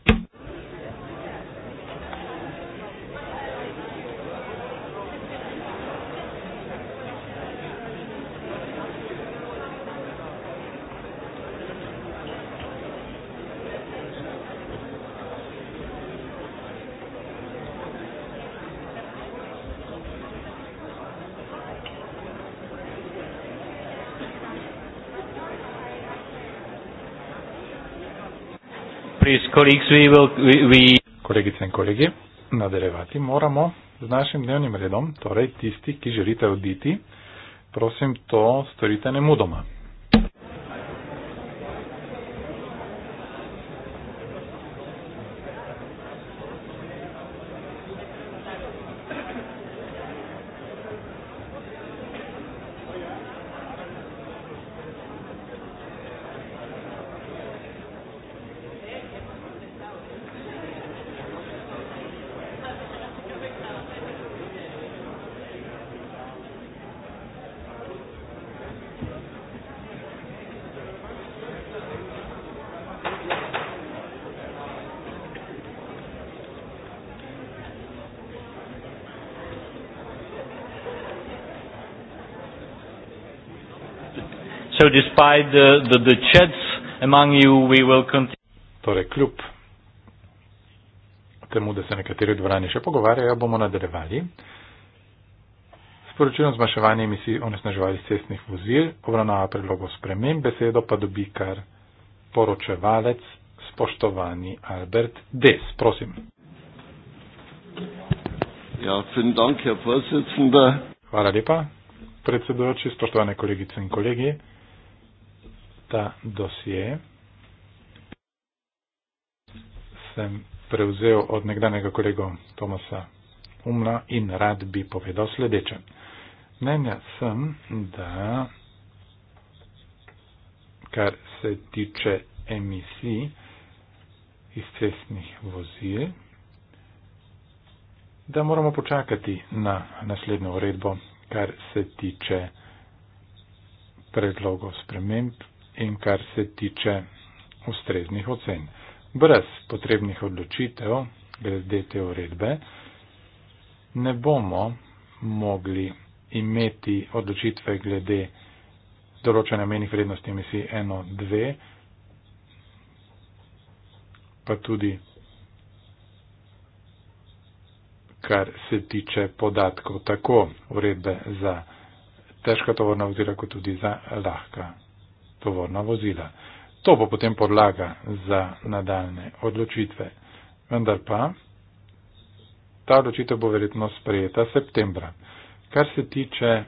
colleagues, we will, we, we Kolegice in kolegi, nadaljevati moramo z našim dnevnim redom, torej tisti, ki želite oditi, prosim to storite nemudoma. despite the, the, the chats among you, we will continue. Torej, temu, da se nekateri dvorani še pogovarjajo, bomo nadaljevali. Sporočilom zmaševanja emisij onesnaževali cestnih vozil, obravnava predlogov sprememb, besedo pa dobi kar poročevalec, spoštovani Albert Des. Prosim. Ja, dank, Hvala lepa, predsedujoči, spoštovane kolegice in kolegi ta dosje sem prevzel od nekdanjega kolega Tomasa Umla in rad bi povedal sledeče. Mnenja sem, da kar se tiče emisij iz cestnih vozil, da moramo počakati na naslednjo uredbo, kar se tiče predlogov sprememb in kar se tiče ustreznih ocen. Brez potrebnih odločitev, glede te uredbe, ne bomo mogli imeti odločitve glede določene menih vrednosti emisij 1-2, pa tudi kar se tiče podatkov tako uredbe za težka tovorna vozila, kot tudi za lahka tovorna vozila. To bo potem podlaga za nadaljne odločitve. Vendar pa, ta odločitev bo verjetno sprejeta septembra. Kar se tiče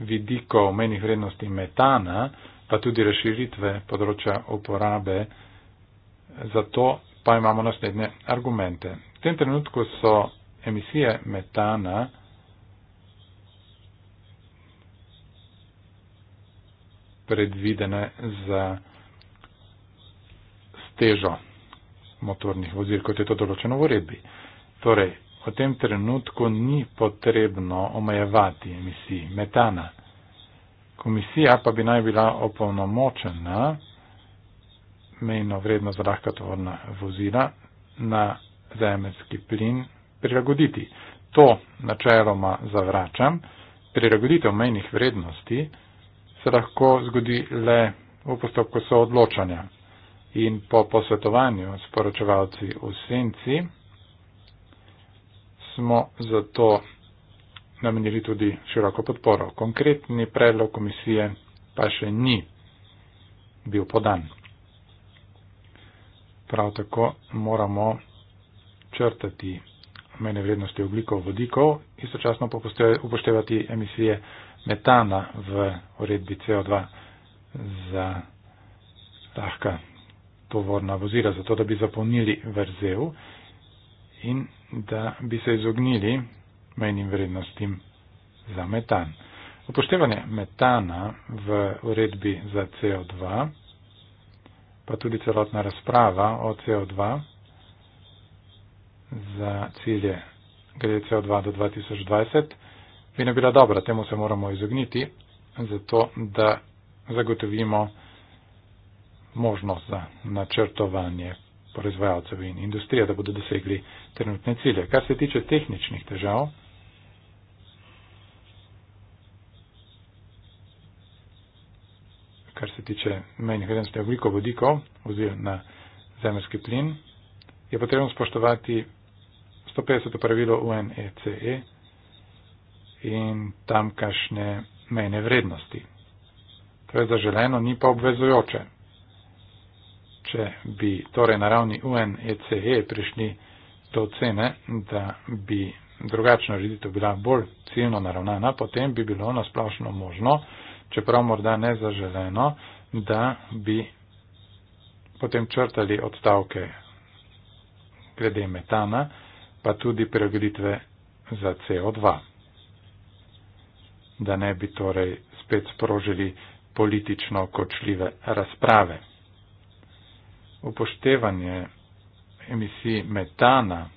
vidikov menih vrednosti metana, pa tudi razširitve področja uporabe, zato pa imamo naslednje argumente. V tem trenutku so emisije metana predvidene za stežo motornih vozil, kot je to določeno v uredbi. Torej, v tem trenutku ni potrebno omejevati emisij metana. Komisija pa bi naj bila opolnomočena mejno vredno za lahka tovorna vozila na zemeljski plin prilagoditi. To načeloma zavračam. Prilagoditev mejnih vrednosti se lahko zgodi le v postopku soodločanja in po posvetovanju s poročevalci v senci smo zato namenili tudi široko podporo. Konkretni predlog komisije pa še ni bil podan. Prav tako moramo črtati mene vrednosti oglikov vodikov in sočasno upoštevati emisije metana v uredbi CO2 za lahka tovorna vozila, zato da bi zapolnili vrzel in da bi se izognili menjim vrednostim za metan. Upoštevanje metana v uredbi za CO2, pa tudi celotna razprava o CO2 za cilje glede CO2 do 2020, bi ne bila dobra. Temu se moramo izogniti, zato da zagotovimo možnost za načrtovanje proizvajalcev in industrije, da bodo dosegli trenutne cilje. Kar se tiče tehničnih težav, kar se tiče menjih vedenstvih ogliko vodikov oziroma na zemljski plin, je potrebno spoštovati 150. pravilo UNECE in tamkašnje mene vrednosti. To je zaželeno, ni pa obvezujoče. Če bi torej na ravni UNECE e prišli do ocene, da bi drugačna ureditev bila bolj ciljno naravnana, potem bi bilo nasplošno možno, čeprav morda nezaželeno, da bi potem črtali odstavke glede metana, pa tudi preglitve za CO2 da ne bi torej spet sprožili politično kočljive razprave. Upoštevanje emisij metana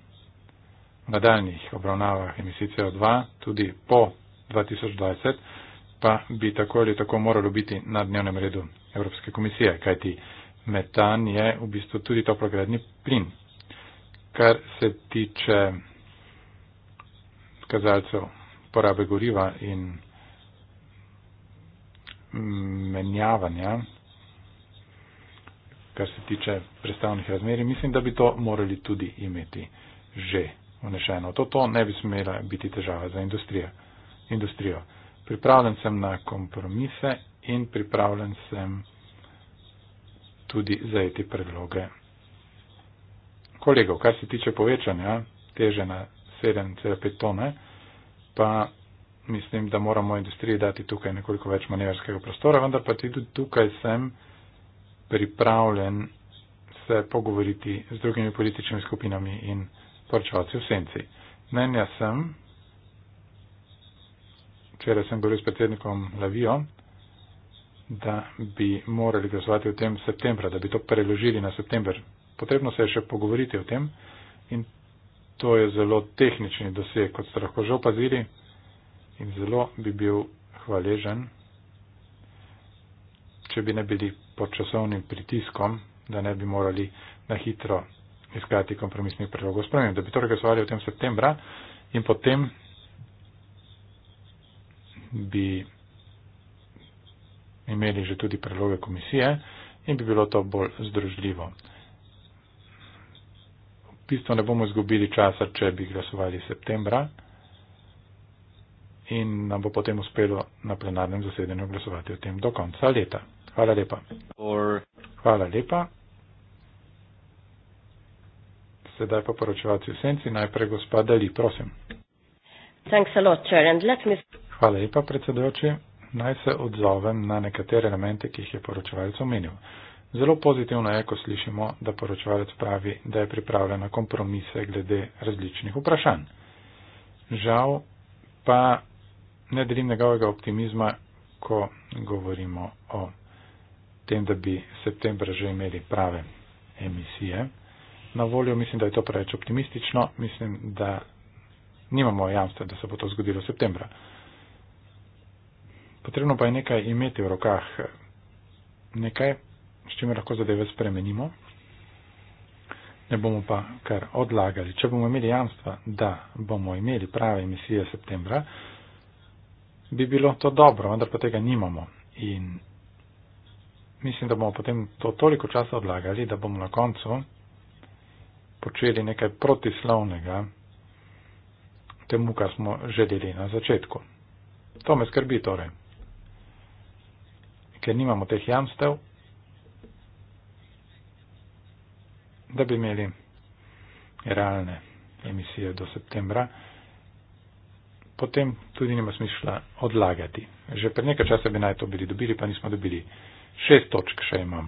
v nadaljnih obravnavah emisij CO2 tudi po 2020 pa bi tako ali tako moralo biti na dnevnem redu Evropske komisije, kajti metan je v bistvu tudi toplogradni plin. Kar se tiče kazalcev porabe goriva in menjavanja, kar se tiče predstavnih razmerij, mislim, da bi to morali tudi imeti že vnešeno. To, to ne bi smela biti težava za industrijo. industrijo. Pripravljen sem na kompromise in pripravljen sem tudi zajeti predloge kolegov. Kar se tiče povečanja teže na 7,5 tone, pa mislim, da moramo industriji dati tukaj nekoliko več manevrskega prostora, vendar pa tudi tukaj sem pripravljen se pogovoriti z drugimi političnimi skupinami in poročevalci v senci. Mnenja sem, včeraj sem govoril s predsednikom Lavijo, da bi morali glasovati v tem septembra, da bi to preložili na september. Potrebno se je še pogovoriti o tem in to je zelo tehnični doseg, kot ste lahko že opazili in zelo bi bil hvaležen, če bi ne bili pod časovnim pritiskom, da ne bi morali na hitro iskati kompromisnih predlogov. Spremem, da bi torej glasovali o tem septembra in potem bi imeli že tudi predloge komisije in bi bilo to bolj združljivo. V bistvu ne bomo izgubili časa, če bi glasovali septembra in nam bo potem uspelo na plenarnem zasedanju glasovati o tem do konca leta. Hvala lepa. Hvala lepa. Sedaj pa poročevalci v senci, najprej gospod Dali, prosim. Hvala lepa, predsedujoči. Naj se odzovem na nekatere elemente, ki jih je poročevalec omenil. Zelo pozitivno je, ko slišimo, da poročevalec pravi, da je pripravljen na kompromise glede različnih vprašanj. Žal pa ne delim njegovega optimizma, ko govorimo o tem, da bi septembra že imeli prave emisije. Na voljo mislim, da je to preveč optimistično. Mislim, da nimamo jamstva, da se bo to zgodilo septembra. Potrebno pa je nekaj imeti v rokah. Nekaj, s čimer lahko zadeve spremenimo. Ne bomo pa kar odlagali. Če bomo imeli jamstva, da bomo imeli prave emisije septembra, bi bilo to dobro, vendar pa tega nimamo. In mislim, da bomo potem to toliko časa odlagali, da bomo na koncu počeli nekaj protislovnega temu, kar smo želeli na začetku. To me skrbi torej, ker nimamo teh jamstev, da bi imeli realne emisije do septembra potem tudi nima smisla odlagati. Že pred nekaj časa bi naj to bili dobili, pa nismo dobili. Šest točk še imam,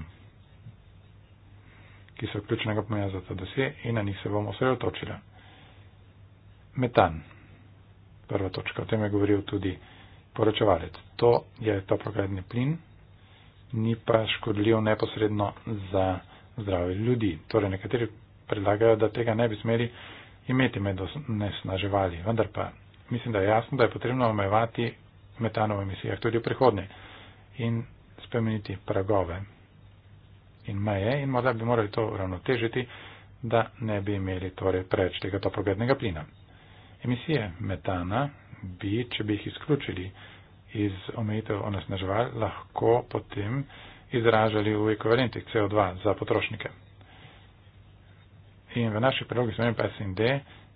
ki so ključnega pomena za to, da se in na njih se bomo osredotočili. Metan, prva točka, o tem je govoril tudi poročevalec. To je toplogradni plin, ni pa škodljiv neposredno za zdrave ljudi. Torej, nekateri predlagajo, da tega ne bi smeli imeti med nesnaževali, vendar pa mislim, da je jasno, da je potrebno omejevati metano v emisijah tudi v prihodnje in spremeniti pragove in meje in morda bi morali to ravnotežiti, da ne bi imeli torej preč tega topogrednega plina. Emisije metana bi, če bi jih izključili iz omejitev onesnaževal, lahko potem izražali v ekvivalenti CO2 za potrošnike. In v naših predlogih smo imeli PSND,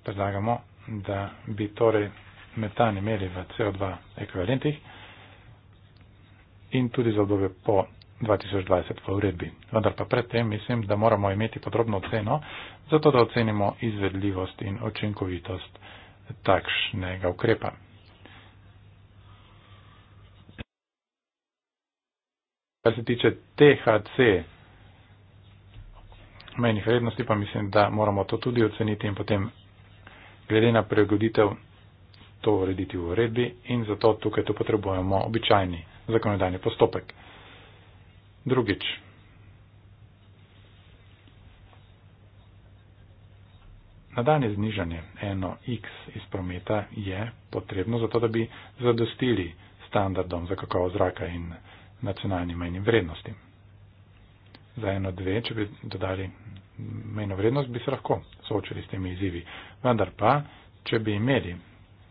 predlagamo, da bi torej metani meri v CO2 ekvivalentih in tudi za obdobje po 2020 v uredbi. Vendar pa predtem mislim, da moramo imeti podrobno oceno, zato da ocenimo izvedljivost in očinkovitost takšnega ukrepa. Kar se tiče THC mejnih vrednosti, pa mislim, da moramo to tudi oceniti in potem glede na pregoditev to urediti v uredbi in zato tukaj to potrebujemo običajni zakonodajni postopek. Drugič. Nadanje znižanje 1x iz prometa je potrebno zato, da bi zadostili standardom za kakovo zraka in nacionalnim menjim vrednostim. Za 1-2, če bi dodali menjno vrednost, bi se lahko soočili s temi izzivi. Vendar pa, če bi imeli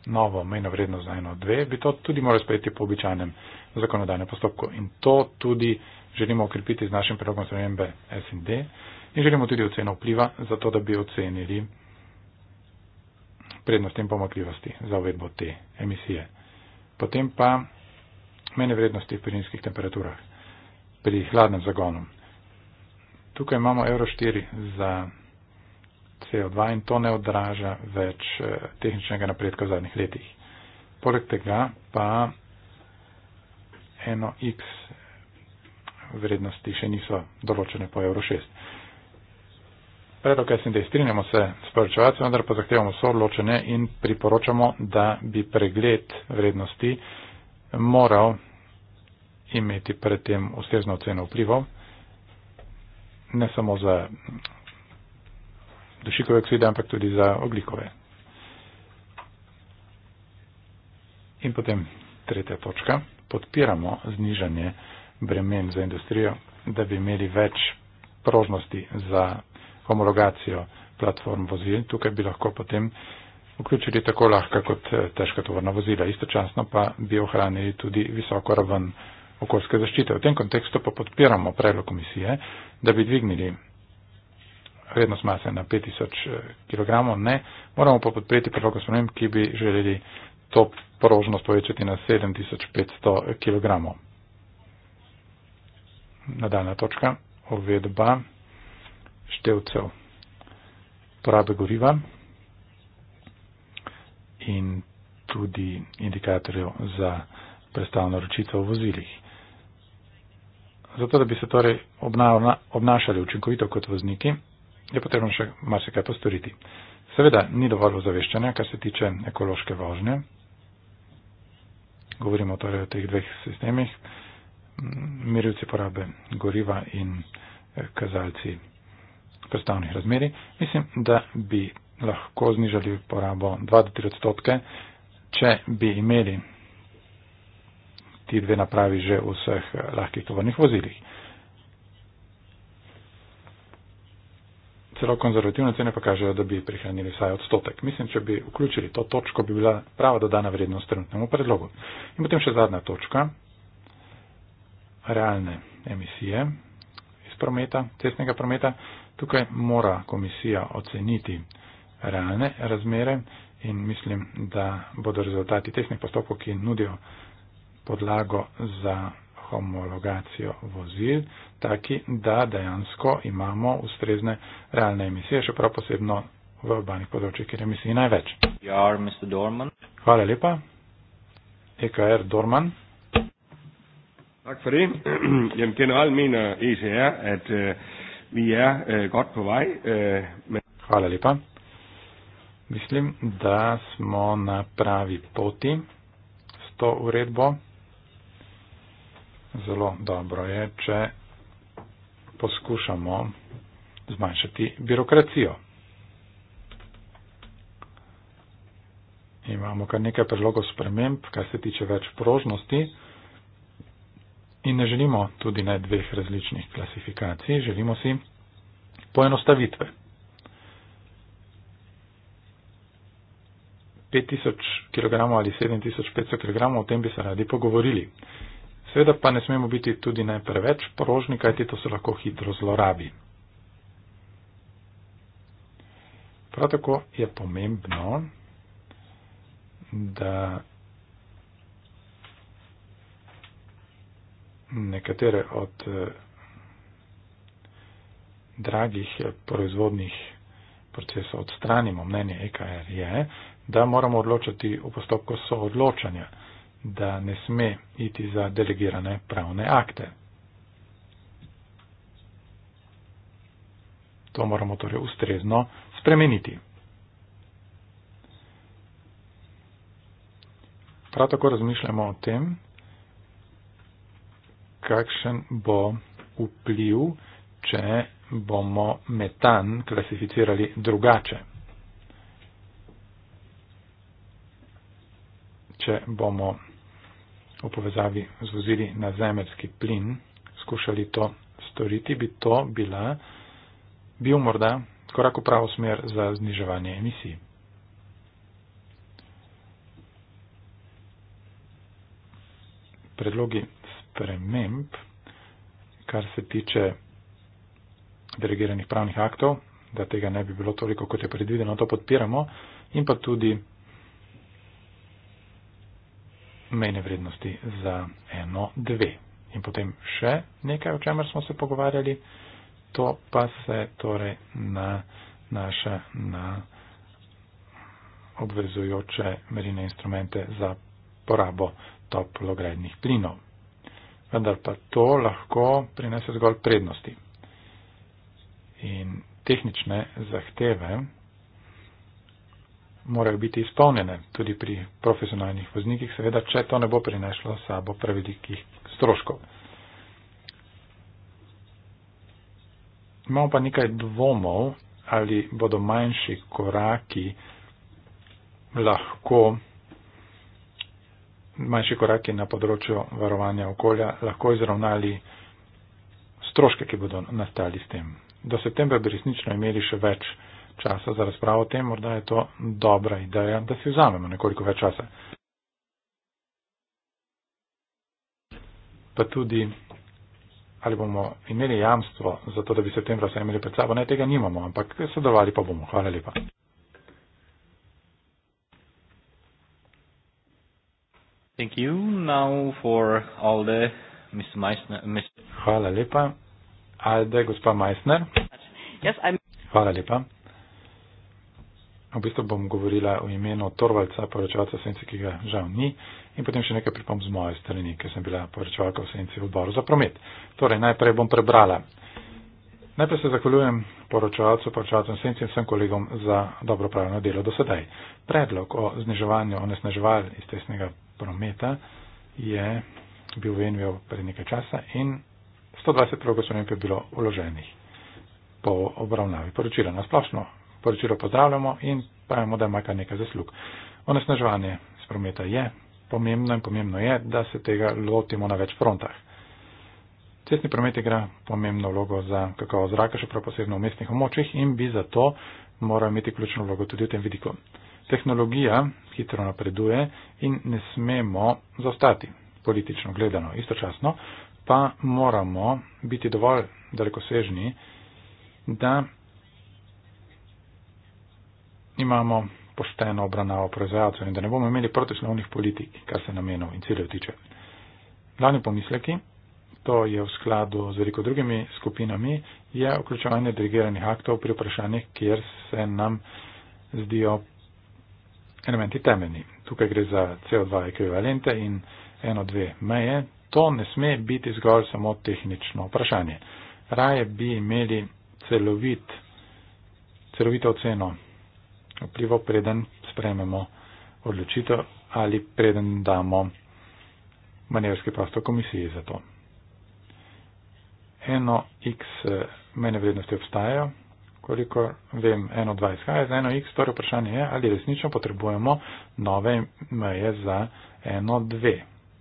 novo mejno vrednost za eno od dve, bi to tudi morali sprejeti po običajnem zakonodajnem postopku. In to tudi želimo okrepiti z našim predlogom spremembe SND in želimo tudi oceno vpliva za to, da bi ocenili prednost in pomakljivosti za uvedbo te emisije. Potem pa mejne vrednosti pri nizkih temperaturah, pri hladnem zagonu. Tukaj imamo Euro 4 za CO2 in to ne odraža več eh, tehničnega napredka v zadnjih letih. Poleg tega pa eno x vrednosti še niso določene po Euro 6. Predlog SND strinjamo se s povečevalcem, vendar pa zahtevamo so odločene in priporočamo, da bi pregled vrednosti moral imeti predtem ustrezno oceno vplivov, ne samo za dušikove oksida, ampak tudi za oglikove. In potem tretja točka. Podpiramo znižanje bremen za industrijo, da bi imeli več prožnosti za homologacijo platform vozil. Tukaj bi lahko potem vključili tako lahka kot eh, težka tovorna vozila. Istočasno pa bi ohranili tudi visoko raven okoljske zaščite. V tem kontekstu pa podpiramo predlog komisije, da bi dvignili vrednost mase na 5000 eh, kg, ne. Moramo pa podpreti predlog sprememb, ki bi želeli to porožnost povečati na 7500 kg. Nadaljna točka, uvedba števcev porabe goriva in tudi indikatorjev za predstavno ročitev v vozilih. Zato, da bi se torej obnašali učinkovito kot vozniki, je potrebno še marsikaj postoriti. Seveda ni dovolj ozaveščanja, kar se tiče ekološke vožnje. Govorimo torej o teh dveh sistemih, merilci mm, porabe goriva in eh, kazalci predstavnih razmeri. Mislim, da bi lahko znižali porabo 2-3 odstotke, če bi imeli ti dve napravi že v vseh eh, lahkih tovornih vozilih. celo konzervativne cene pa kažejo, da bi prihranili vsaj odstotek. Mislim, če bi vključili to točko, bi bila prava dodana vrednost trenutnemu predlogu. In potem še zadnja točka, realne emisije iz prometa, cestnega prometa. Tukaj mora komisija oceniti realne razmere in mislim, da bodo rezultati tesnih postopkov, ki nudijo podlago za homologacijo vozil, taki, da dejansko imamo ustrezne realne emisije, še prav posebno v urbanih področjih, kjer emisij je največ. Are, Hvala lepa. EKR Dorman. Tak for det. Jamen generelt mener ECR, at øh, vi er øh, godt på vej. Øh, men... Hvala lepa. Mislim, da smo na pravi poti s to uredbo zelo dobro je, če poskušamo zmanjšati birokracijo. Imamo kar nekaj predlogov sprememb, kar se tiče več prožnosti in ne želimo tudi ne dveh različnih klasifikacij, želimo si poenostavitve. 5000 kg ali 7500 kg, o tem bi se radi pogovorili. Seveda pa ne smemo biti tudi ne preveč porožni, kajti to se lahko hitro zlorabi. Prav tako je pomembno, da nekatere od eh, dragih eh, proizvodnih procesov odstranimo. Mnenje EKR je, da moramo odločati v postopku soodločanja da ne sme iti za delegirane pravne akte. To moramo torej ustrezno spremeniti. Prav tako razmišljamo o tem, kakšen bo vpliv, če bomo metan klasificirali drugače. Če bomo v povezavi z vozili na zemeljski plin skušali to storiti, bi to bila, bil morda korak v pravo smer za zniževanje emisij. Predlogi sprememb, kar se tiče delegiranih pravnih aktov, da tega ne bi bilo toliko, kot je predvideno, to podpiramo in pa tudi mejne vrednosti za eno, dve. In potem še nekaj, o čemer smo se pogovarjali, to pa se torej na naša na obvezujoče merine instrumente za porabo toplogrednih plinov. Vendar pa to lahko prinese zgolj prednosti. In tehnične zahteve morajo biti izpolnjene tudi pri profesionalnih voznikih, seveda, če to ne bo prineslo sabo prevelikih stroškov. Imamo pa nekaj dvomov, ali bodo manjši koraki lahko, manjši koraki na področju varovanja okolja lahko izravnali stroške, ki bodo nastali s tem. Do septembra bi resnično imeli še več časa za razpravo o tem, morda je to dobra ideja, da si vzamemo nekoliko več časa. Pa tudi, ali bomo imeli jamstvo za to, da bi septembra vse imeli pred sabo, ne tega nimamo, ampak sodelovali pa bomo. Hvala lepa. Thank you now for all the Ms. Meissner, Ms. Hvala lepa. Ajde, gospa Meissner. Yes, Hvala lepa. V bistvu bom govorila v imenu Torvalca, poročevalca Sence, ki ga žal ni, in potem še nekaj pripom z moje strani, ker sem bila poročevalka v Senci v odboru za promet. Torej, najprej bom prebrala. Najprej se zahvaljujem poročevalcu, poročevalcem Senci in vsem kolegom za dobro pravno delo do sedaj. Predlog o zniževanju onesnaževal iz testnega prometa je bil v Envijo pred nekaj časa in 120 prvogosvenjev je bilo uloženih po obravnavi poročila. Na splošno poročilo pozdravljamo in pravimo, da ima kar nekaj zaslug. Onesnaževanje s prometa je pomembno in pomembno je, da se tega lotimo na več frontah. Cestni promet igra pomembno vlogo za kakovo zraka, še prav posebno v mestnih območjih in bi zato moral imeti ključno vlogo tudi v tem vidiku. Tehnologija hitro napreduje in ne smemo zaostati politično gledano. Istočasno pa moramo biti dovolj dalekosežni, da imamo pošteno obravnavo proizvajalcev in da ne bomo imeli protislovnih politik, kar se namenov in ciljev tiče. Glavni pomisleki, to je v skladu z veliko drugimi skupinami, je vključevanje dirigiranih aktov pri vprašanjih, kjer se nam zdijo elementi temeljni. Tukaj gre za CO2 ekvivalente in eno, dve meje. To ne sme biti zgolj samo tehnično vprašanje. Raje bi imeli celovit, celovito oceno vplival, preden sprememo odločitev ali preden damo manevrski prostor komisiji za to. Eno x eh, mene vrednosti obstajajo, koliko vem, eno dva izhaja za eno x, torej vprašanje je, ali resnično potrebujemo nove meje za eno dve.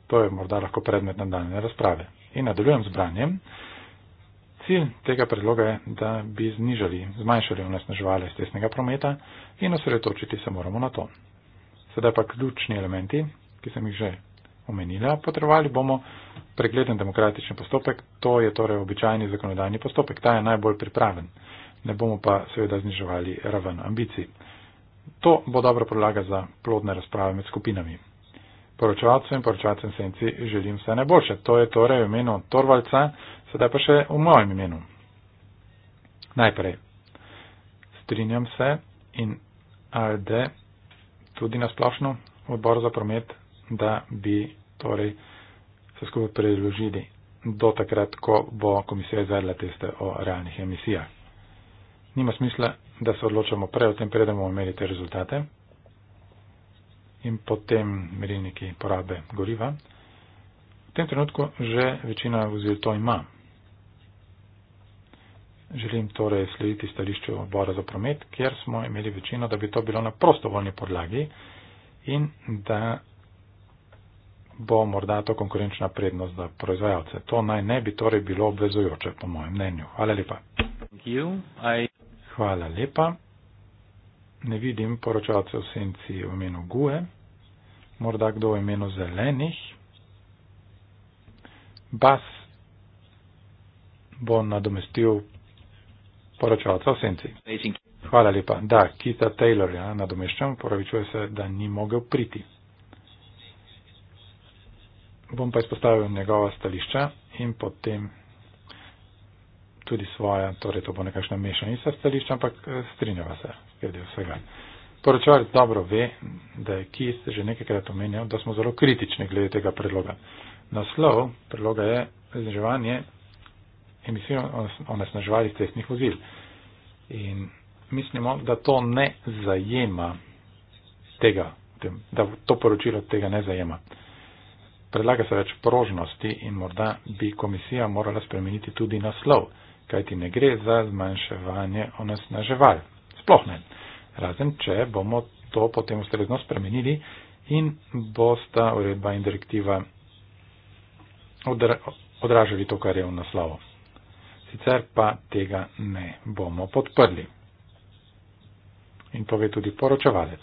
To je morda lahko predmet nadaljne razprave. In nadaljujem z branjem. Cilj tega predloga je, da bi znižali, zmanjšali onesnaževalje iz cestnega prometa in osredotočiti se moramo na to. Sedaj pa ključni elementi, ki sem jih že omenila, potrebovali bomo pregleden demokratični postopek, to je torej običajni zakonodajni postopek, ta je najbolj pripraven. Ne bomo pa seveda zniževali raven ambicij. To bo dobra podlaga za plodne razprave med skupinami. Poročevalcem in poročevalcem senci želim vse najboljše. To je torej v imenu Torvalca, Sedaj pa še v mojem imenu. Najprej, strinjam se in ALD tudi nasplošno odbor za promet, da bi torej se skupaj preložili do takrat, ko bo komisija izvedla teste o realnih emisijah. Nima smisla, da se odločamo prej o tem, preden bomo imeli te rezultate in potem merilniki porabe goriva. V tem trenutku že večina vozil to ima, Želim torej slediti stališču odbora za promet, kjer smo imeli večino, da bi to bilo na prostovoljni podlagi in da bo morda to konkurenčna prednost za proizvajalce. To naj ne bi torej bilo obvezujoče, po mojem mnenju. Hvala lepa. I... Hvala lepa. Ne vidim poročalce v senci v imenu GUE. Morda kdo v imenu zelenih. Bas bo nadomestil poročal, to vsem ti. Hvala lepa. Da, Kita Taylor, ja, nadomeščam, poravičuje se, da ni mogel priti. Bom pa izpostavil njegova stališča in potem tudi svoja, torej to bo nekakšna mešanica stališča, ampak eh, strinjava se, glede vsega. Poročar dobro ve, da je Kist že nekajkrat omenjal, da smo zelo kritični glede tega predloga. Naslov predloga je zniževanje emisijo onesnaževali iz cestnih vozil. In mislimo, da to ne zajema tega, da to poročilo tega ne zajema. Predlaga se več prožnosti in morda bi komisija morala spremeniti tudi naslov, kajti ne gre za zmanjševanje onesnaževal. Sploh ne. Razen, če bomo to potem ustrezno spremenili in bosta uredba in direktiva odra odražali to, kar je v naslovu sicer pa tega ne bomo podprli. In pove tudi poročevalec.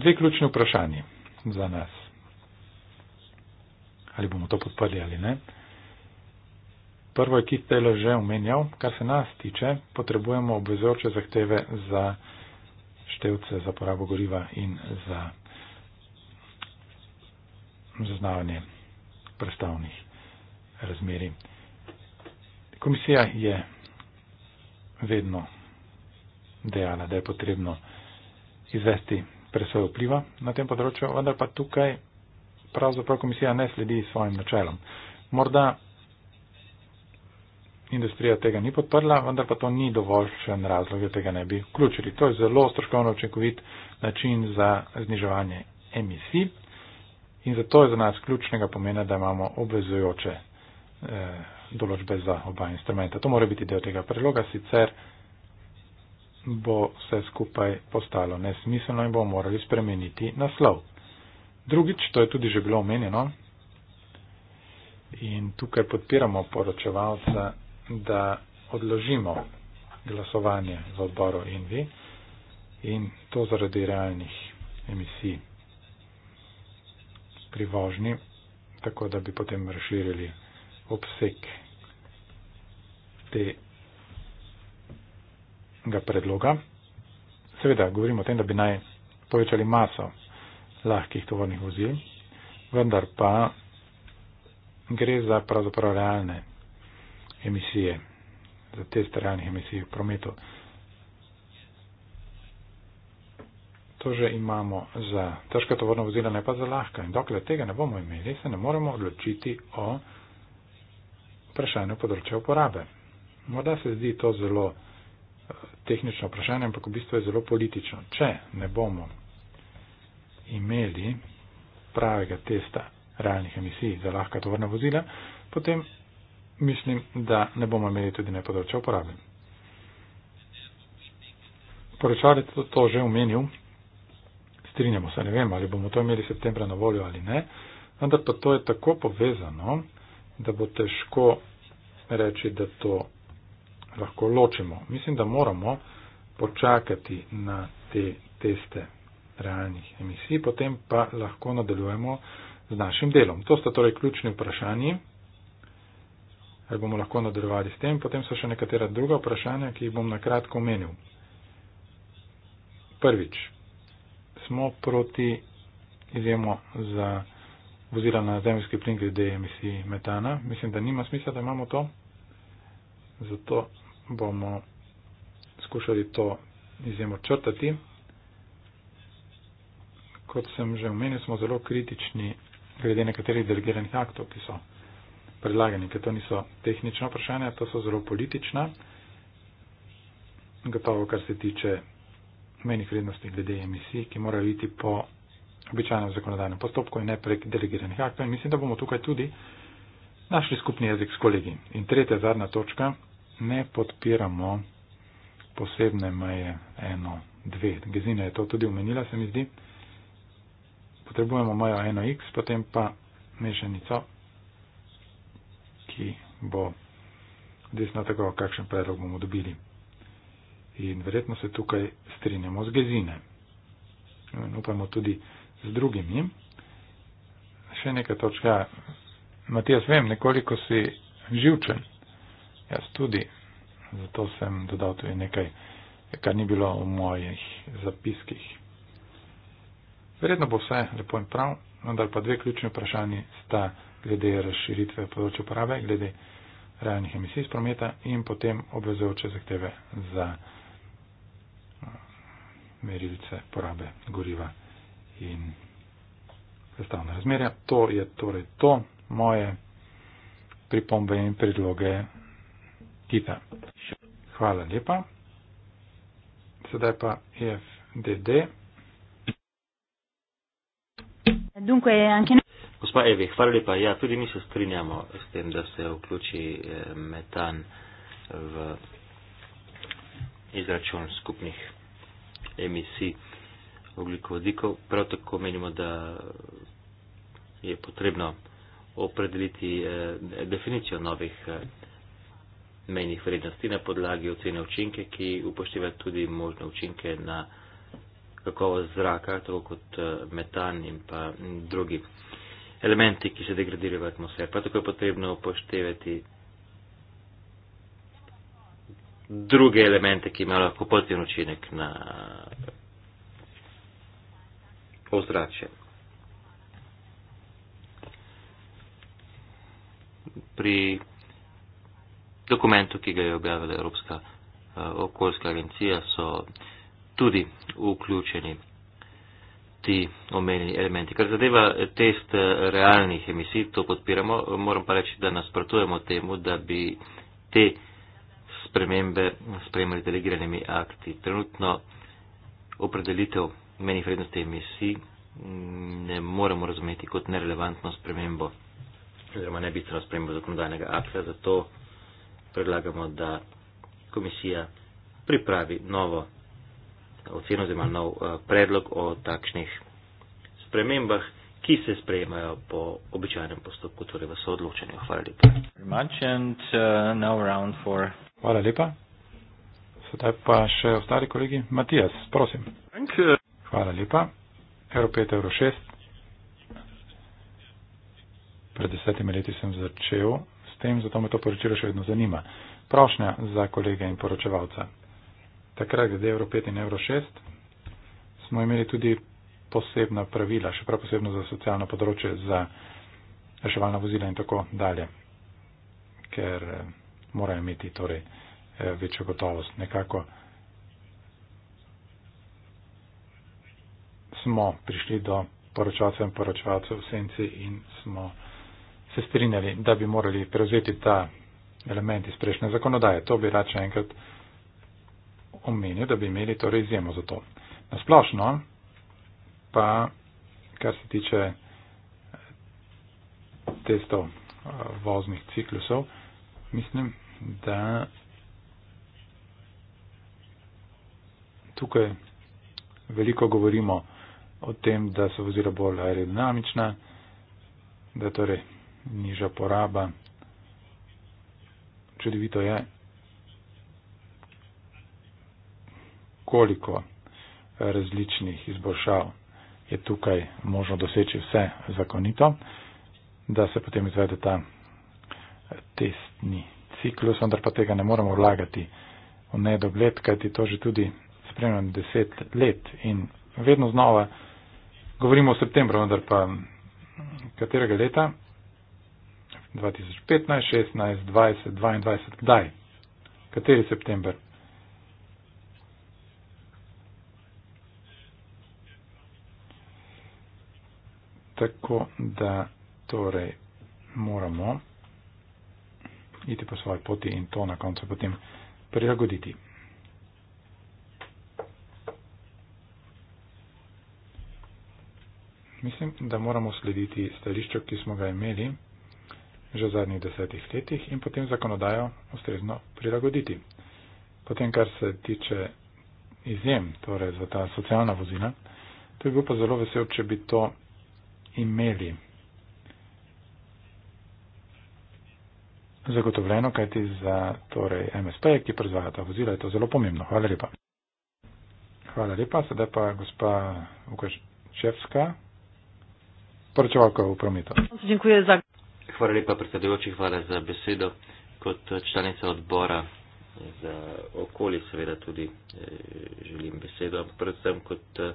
Dve ključni vprašanji za nas. Ali bomo to podprli ali ne. Prvo je, ki ste le že omenjal, kar se nas tiče, potrebujemo obvezujoče zahteve za števce za porabo goriva in za zaznavanje prestavnih razmerij. Komisija je vedno dejala, da je potrebno izvesti presojo vpliva na tem področju, vendar pa tukaj pravzaprav komisija ne sledi svojim načelom. Morda industrija tega ni podprla, vendar pa to ni dovoljšen razlog, da tega ne bi vključili. To je zelo stroškovno očekovit način za zniževanje emisij in zato je za nas ključnega pomena, da imamo obvezujoče eh, določbe za oba instrumenta. To mora biti del tega predloga, sicer bo vse skupaj postalo nesmiselno in bomo morali spremeniti naslov. Drugič, to je tudi že bilo omenjeno in tukaj podpiramo poročevalca, da odložimo glasovanje v odboru Envi in to zaradi realnih emisij pri vožnji, tako da bi potem razširili obseg tega predloga. Seveda govorimo o tem, da bi naj povečali maso lahkih tovornih vozil, vendar pa gre za pravzaprav realne emisije, za test realnih emisij v prometu. To že imamo za težka tovorna vozila, ne pa za lahka. In dokler tega ne bomo imeli, se ne moremo odločiti o vprašanju področja uporabe. Morda se zdi to zelo eh, tehnično vprašanje, ampak v bistvu je zelo politično. Če ne bomo imeli pravega testa realnih emisij za lahka tovorna vozila, potem mislim, da ne bomo imeli tudi na področju uporabe. Poročar je to, to že omenil, strinjamo se, ne vem, ali bomo to imeli septembra na voljo ali ne, vendar pa to je tako povezano, da bo težko reči, da to lahko ločimo. Mislim, da moramo počakati na te teste realnih emisij, potem pa lahko nadaljujemo z našim delom. To sta torej ključni vprašanji, ali bomo lahko nadaljevali s tem. Potem so še nekatera druga vprašanja, ki jih bom na kratko omenil. Prvič, smo proti izjemo za vozila na zemljski plin glede emisij metana. Mislim, da nima smisla, da imamo to. Zato bomo skušali to izjemo črtati. Kot sem že omenil, smo zelo kritični glede nekaterih delegiranih aktov, ki so predlagani, ker to niso tehnična vprašanja, to so zelo politična. Gotovo, kar se tiče menih vrednosti glede emisij, ki morajo iti po običajnem zakonodajnem postopku in ne prek delegiranih aktov. In mislim, da bomo tukaj tudi našli skupni jezik s kolegi. In tretja, zadnja točka, ne podpiramo posebne meje eno, dve. Gezina je to tudi omenila, se mi zdi. Potrebujemo mejo eno x, potem pa mešanico, ki bo desno tako, kakšen predlog bomo dobili. In verjetno se tukaj strinjamo z gezine. In upamo tudi z drugimi. Še nekaj točka. Ja, Matijas, vem, nekoliko si živčen. Jaz tudi, zato sem dodal tudi nekaj, kar ni bilo v mojih zapiskih. Verjetno bo vse lepo in prav, vendar pa dve ključni vprašanji sta glede razširitve področja uporabe, glede realnih emisij iz prometa in potem obvezujoče zahteve za eh, merilce porabe goriva in zastavne razmerja. To je torej to moje pripombe in predloge kita. Hvala lepa. Sedaj pa e FDD. Dunque, anche... Gospa Evi, hvala lepa. Ja, tudi mi se strinjamo s tem, da se vključi eh, metan v izračun skupnih emisij oglikovodikov. Prav tako menimo, da je potrebno opredeliti eh, definicijo novih eh, mejnih vrednosti na podlagi ocene učinke, ki upošteva tudi možne učinke na kakovost zraka, tako kot eh, metan in pa drugi elementi, ki se degradirajo v atmosfer. Pa tako je potrebno upoštevati druge elemente, ki imajo lahko pozitiven učinek na eh, ozračje. Pri dokumentu, ki ga je objavila Evropska eh, okoljska agencija, so tudi vključeni ti omenjeni elementi. Kar zadeva test eh, realnih emisij, to podpiramo. Moram pa reči, da nasprotujemo temu, da bi te spremembe spremljali delegiranimi akti. Trenutno opredelitev menih vrednosti emisij mm, ne moremo razumeti kot nerelevantno spremembo, oziroma ne bistveno spremembo zakonodajnega akta, zato predlagamo, da komisija pripravi novo oceno, oziroma nov eh, predlog o takšnih spremembah, ki se sprejemajo po običajnem postopku, torej v soodločanju. Hvala lepa. Uh, Hvala lepa. Sedaj pa še ostali kolegi. Matijas, prosim. Hvala lepa. Euro 5, Euro 6. Pred desetimi leti sem začel tem, zato me to poročilo še vedno zanima. Prošnja za kolege in poročevalca. Takrat glede evro 5 in evro 6 smo imeli tudi posebna pravila, še prav posebno za socialno področje, za reševalna vozila in tako dalje, ker eh, morajo imeti torej eh, večjo gotovost. Nekako smo prišli do poročevalcev in poročevalcev v senci in smo se strinjali, da bi morali prevzeti ta element iz prejšnje zakonodaje. To bi rad še enkrat omenil, da bi imeli torej izjemo za to. Nasplošno pa, kar se tiče eh, testov eh, voznih ciklusov, mislim, da tukaj veliko govorimo o tem, da so vozila bolj aerodinamična, da torej nižja poraba. Čudovito je, koliko različnih izboljšav je tukaj možno doseči vse zakonito, da se potem izvede ta testni ciklus, vendar pa tega ne moremo vlagati v nedogled, kajti to že tudi spremljam deset let in vedno znova govorimo o septembru, vendar pa katerega leta 2015, 16, 20, 22, kdaj? Kateri september? Tako da torej moramo iti po svoji poti in to na koncu potem prilagoditi. Mislim, da moramo slediti stališču, ki smo ga imeli že v zadnjih desetih letih in potem zakonodajo ustrezno prilagoditi. Potem, kar se tiče izjem, torej za ta socialna vozila, to bi bil pa zelo vesel, če bi to imeli zagotovljeno, kajti za torej MSP, ki proizvaja ta vozila, je to zelo pomembno. Hvala lepa. Hvala lepa, sedaj pa gospa Vukaševska, poročevalka v prometu. Dziękuję za... Hvala lepa, predsedujoči, hvala za besedo. Kot članica odbora za okolje seveda tudi eh, želim besedo, predvsem kot eh,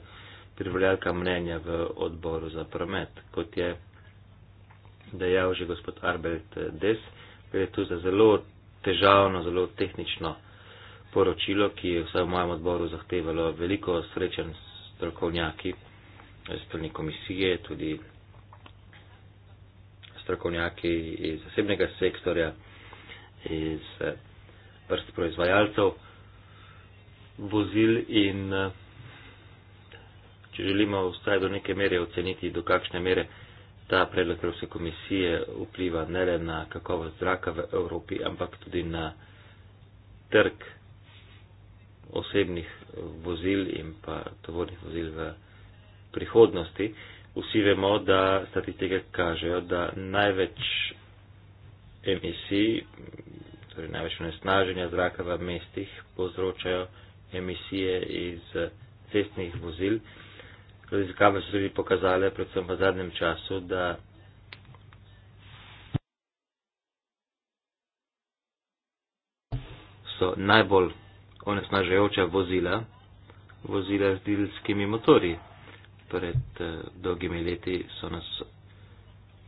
privljalka mnenja v odboru za promet. Kot je dejal že gospod Arbelt eh, Des, gre tu za zelo težavno, zelo tehnično poročilo, ki je vsaj v mojem odboru zahtevalo veliko srečen strokovnjaki, strani komisije, tudi strokovnjaki iz zasebnega sektorja, iz eh, vrst proizvajalcev vozil in eh, če želimo vstaj do neke mere oceniti, do kakšne mere ta predlog Evropske komisije vpliva ne le na kakovost zraka v Evropi, ampak tudi na trg osebnih vozil in pa tovornih vozil v prihodnosti. Uh, vsi vemo, da statistike kažejo, da največ emisij, torej največ onesnaženja zraka v mestih povzročajo emisije iz cestnih vozil. Raziskave so tudi pokazale, predvsem v zadnjem času, da. So najbolj onesnažujoča vozila, vozila z dizelskimi motorji pred uh, dolgimi leti so nas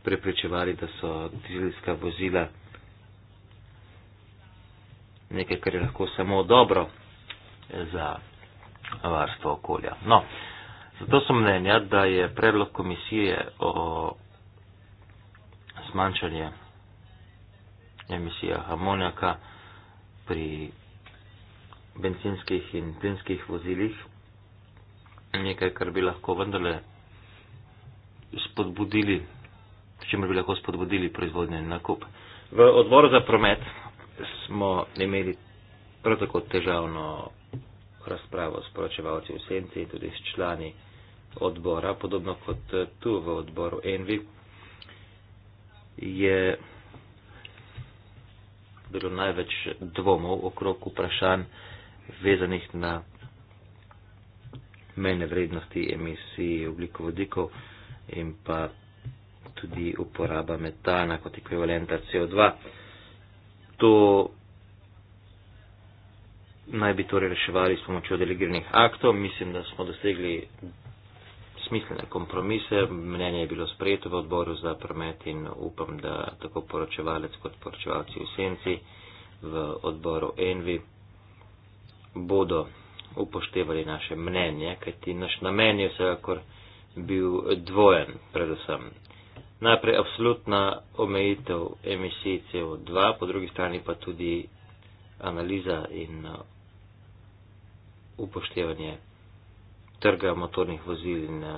prepričevali, da so dizelska vozila nekaj, kar je lahko samo dobro eh, za varstvo okolja. No, zato sem mnenja, da je predlog komisije o zmanjšanju emisije amonjaka pri benzinskih in plinskih vozilih nekaj, kar bi lahko vendarle spodbudili, s čimer bi lahko spodbudili proizvodnje in nakup. V odboru za promet smo imeli prav tako težavno razpravo s poročevalci v senci in tudi s člani odbora, podobno kot eh, tu v odboru Envi, je bilo največ dvomov okrog vprašanj vezanih na mejne vrednosti emisij ugljikovodikov in pa tudi uporaba metana kot ekvivalenta CO2. To naj bi torej reševali s pomočjo delegiranih aktov. Mislim, da smo dosegli smiselne kompromise. Mnenje je bilo sprejeto v odboru za promet in upam, da tako poročevalec kot poročevalci v senci v odboru Envi bodo upoštevali naše mnenje, kajti naš namen je vsekakor bil dvojen predvsem. Najprej absolutna omejitev emisij CO2, po drugi strani pa tudi analiza in uh, upoštevanje trga motornih vozil in uh,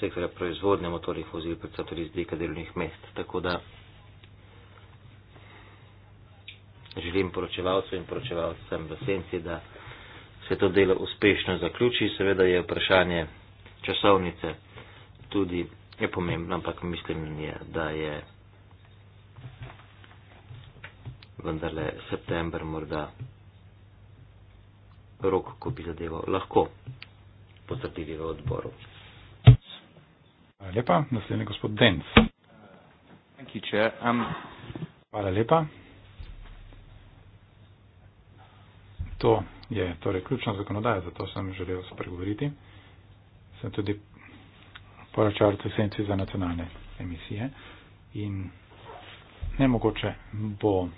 sektora proizvodnje motornih vozil, predvsem tudi izdelka delovnih mest. Tako da želim poročevalcem in poročevalcem v senci, da se to delo uspešno zaključi, seveda je vprašanje časovnice tudi je pomembno, ampak mislim, je, da je vendarle september morda rok, ko bi zadevo lahko potrdili v odboru. Hvala lepa. Naslednji gospod Denc. Um, Hvala lepa. To je torej ključna zakonodaja, zato sem želel spregovoriti. Sem tudi poročalec esenci za nacionalne emisije in nemogoče bo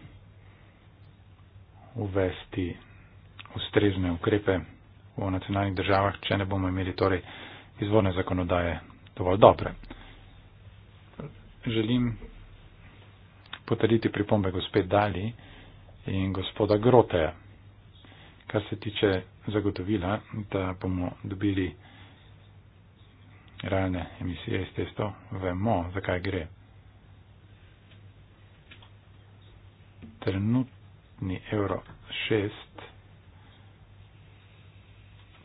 uvesti ustrezne ukrepe v nacionalnih državah, če ne bomo imeli torej izvorne zakonodaje dovolj dobre. Želim potrditi pripombe gospe Dali in gospoda Groteja kar se tiče zagotovila, da bomo dobili realne emisije iz testov, vemo, zakaj gre. Trenutni Euro 6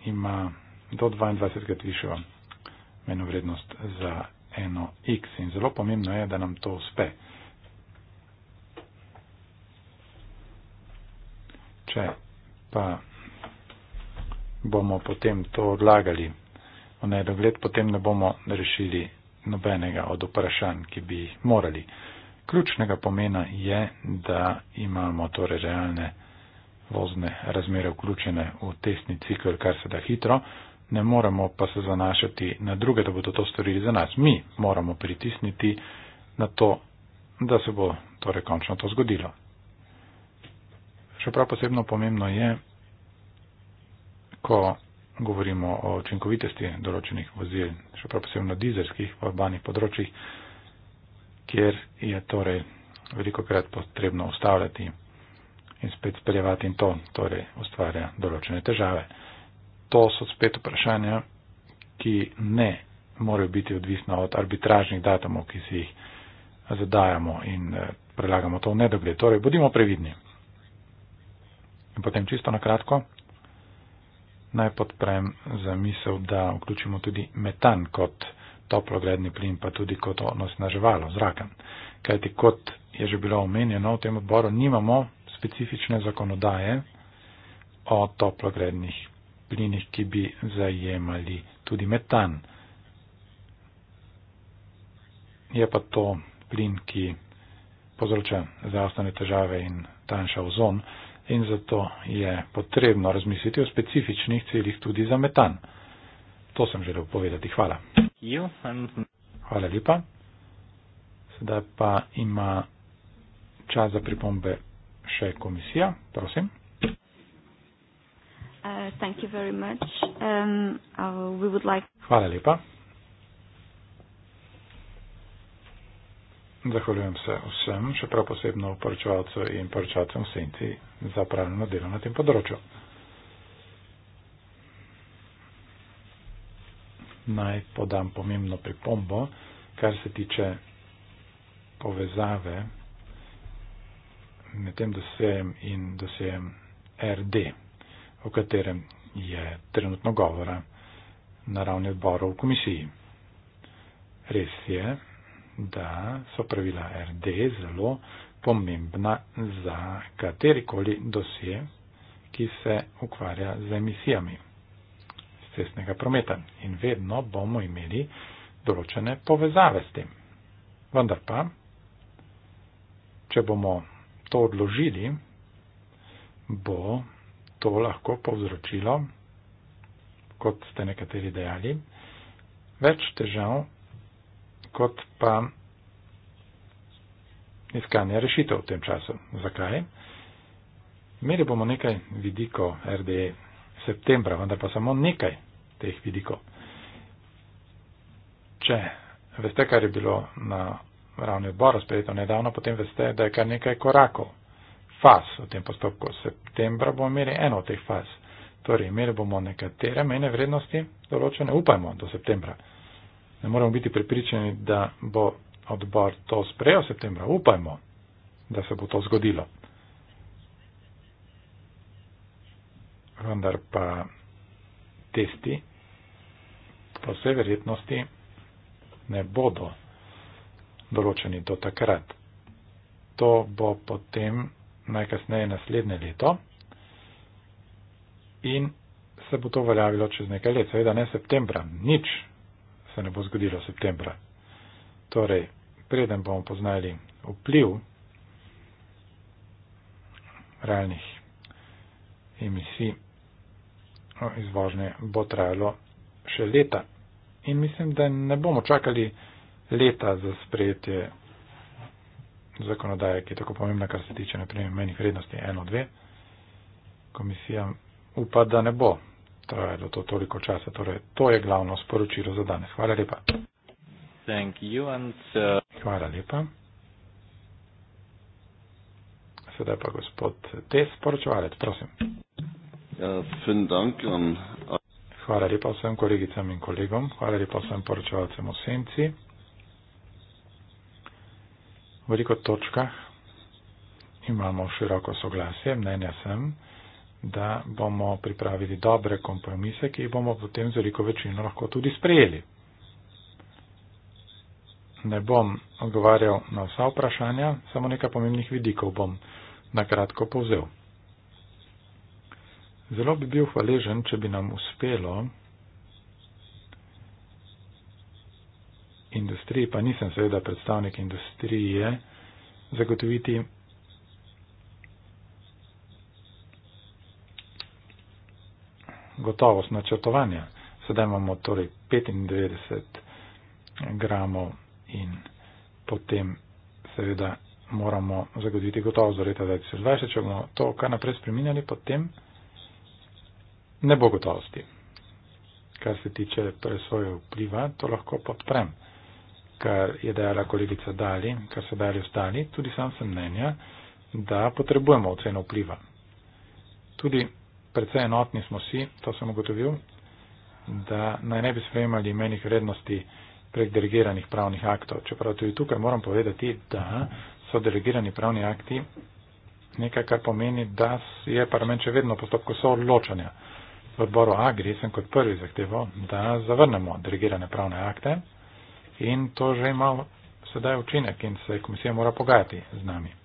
ima do 22 krat višjo meno vrednost za eno X in zelo pomembno je, da nam to uspe. Če pa bomo potem to odlagali v nedogled, potem ne bomo rešili nobenega od vprašanj, ki bi jih morali. Ključnega pomena je, da imamo torej realne vozne razmere vključene v testni cikl, kar se da hitro, ne moremo pa se zanašati na druge, da bodo to storili za nas. Mi moramo pritisniti na to, da se bo torej končno to zgodilo. Še prav posebno pomembno je, ko govorimo o učinkovitosti določenih vozil, še prav posebno dizelskih v urbanih področjih, kjer je torej veliko krat potrebno ustavljati in spet speljevati in to torej ustvarja določene težave. To so spet vprašanja, ki ne morajo biti odvisna od arbitražnih datumov, ki si jih zadajamo in eh, prelagamo to v nedogled. Torej, bodimo previdni. In potem čisto na kratko naj podprem zamisel, da vključimo tudi metan kot toplogredni plin, pa tudi kot onosnaževalo zraka. Kajti kot je že bilo omenjeno v tem odboru, nimamo specifične zakonodaje o toplogrednih plinih, ki bi zajemali tudi metan. Je pa to plin, ki povzroča zdravstvene težave in tanjša ozon in zato je potrebno razmisliti o specifičnih ciljih tudi za metan. To sem želel povedati. Hvala. Hvala lepa. Sedaj pa ima čas za pripombe še komisija. Prosim. Uh, um, like... Hvala lepa. Zahvaljujem se vsem, še prav posebno poročevalcu in poročevalcem Sinti za pravilno delo na tem področju. Naj podam pomembno pripombo, kar se tiče povezave med tem dosejem in dosejem RD, o katerem je trenutno govora na ravni odborov v komisiji. Res je, da so pravila RD zelo pomembna za katerikoli dosje, ki se ukvarja z emisijami z cestnega prometa. In vedno bomo imeli določene povezave s tem. Vendar pa, če bomo to odložili, bo to lahko povzročilo, kot ste nekateri dejali, več težav kot pa iskanje rešitev v tem času. Zakaj? Imeli bomo nekaj vidikov RDE septembra, vendar pa samo nekaj teh vidikov. Če veste, kar je bilo na ravni odbora sprejeto nedavno, potem veste, da je kar nekaj korakov, faz v tem postopku. Septembra bomo imeli eno od teh faz. Torej, imeli bomo nekatere mejne vrednosti določene, upajmo, do septembra ne moramo biti prepričani, da bo odbor to sprejel v septembra. Upajmo, da se bo to zgodilo. Vendar pa testi po vse verjetnosti ne bodo določeni do takrat. To bo potem najkasneje naslednje leto in se bo to uveljavilo čez nekaj let. Seveda ne septembra, nič se ne bo zgodilo septembra. Torej, preden bomo poznali vpliv realnih emisij no, izvožne, bo trajalo še leta. In mislim, da ne bomo čakali leta za sprejetje zakonodaje, ki je tako pomembna, kar se tiče, naprimer, menih vrednosti 1-2. Komisija upa, da ne bo trajalo to toliko časa. Torej, to je glavno sporočilo za danes. Hvala lepa. Thank you and, uh... Hvala lepa. Sedaj pa gospod Tes, poročevalec, prosim. Ja, hvala lepa vsem kolegicam in kolegom, hvala lepa vsem poročevalcem v senci. V veliko točkah imamo široko soglasje, mnenja sem, da bomo pripravili dobre kompromise, ki jih bomo potem z veliko večino lahko tudi sprejeli. Ne bom odgovarjal na vsa vprašanja, samo nekaj pomembnih vidikov bom nakratko povzel. Zelo bi bil hvaležen, če bi nam uspelo, industriji, pa nisem seveda predstavnik industrije, zagotoviti gotovost načrtovanja. Sedaj imamo torej 95 gramov in potem seveda moramo zagotoviti gotovost do leta 2020. Če bomo to kar naprej spreminjali, potem ne bo gotovosti. Kar se tiče presoje vpliva, to lahko podprem, kar je dejala kolegica Dali, kar so dali ostali, tudi sam sem mnenja, da potrebujemo oceno vpliva. Tudi precej enotni smo vsi, to sem ugotovil, da naj ne bi sprejemali menih vrednosti prek delegiranih pravnih aktov. Čeprav tudi tukaj moram povedati, da so delegirani pravni akti nekaj, kar pomeni, da je parlament še vedno v postopku soodločanja. V odboru Agri sem kot prvi zahteval, da zavrnemo delegirane pravne akte in to že ima sedaj učinek in se komisija mora pogajati z nami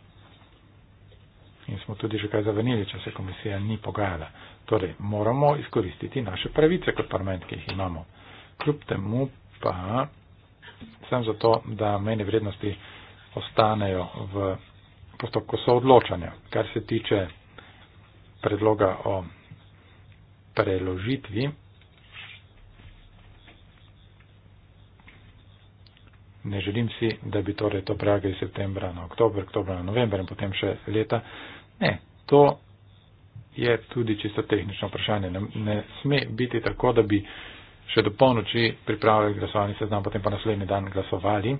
in smo tudi že kaj zavrnili, če se komisija ni pogajala. Torej, moramo izkoristiti naše pravice kot parlament, ki jih imamo. Kljub temu pa sem zato, da meni vrednosti ostanejo v postopku soodločanja. Kar se tiče predloga o preložitvi, ne želim si, da bi torej to prejagali septembra na oktober, oktober na november in potem še leta. Uh, Ne, to je tudi čisto tehnično vprašanje. Ne, ne sme biti tako, da bi še do polnoči pripravili glasovanje, se znam potem pa naslednji dan glasovali.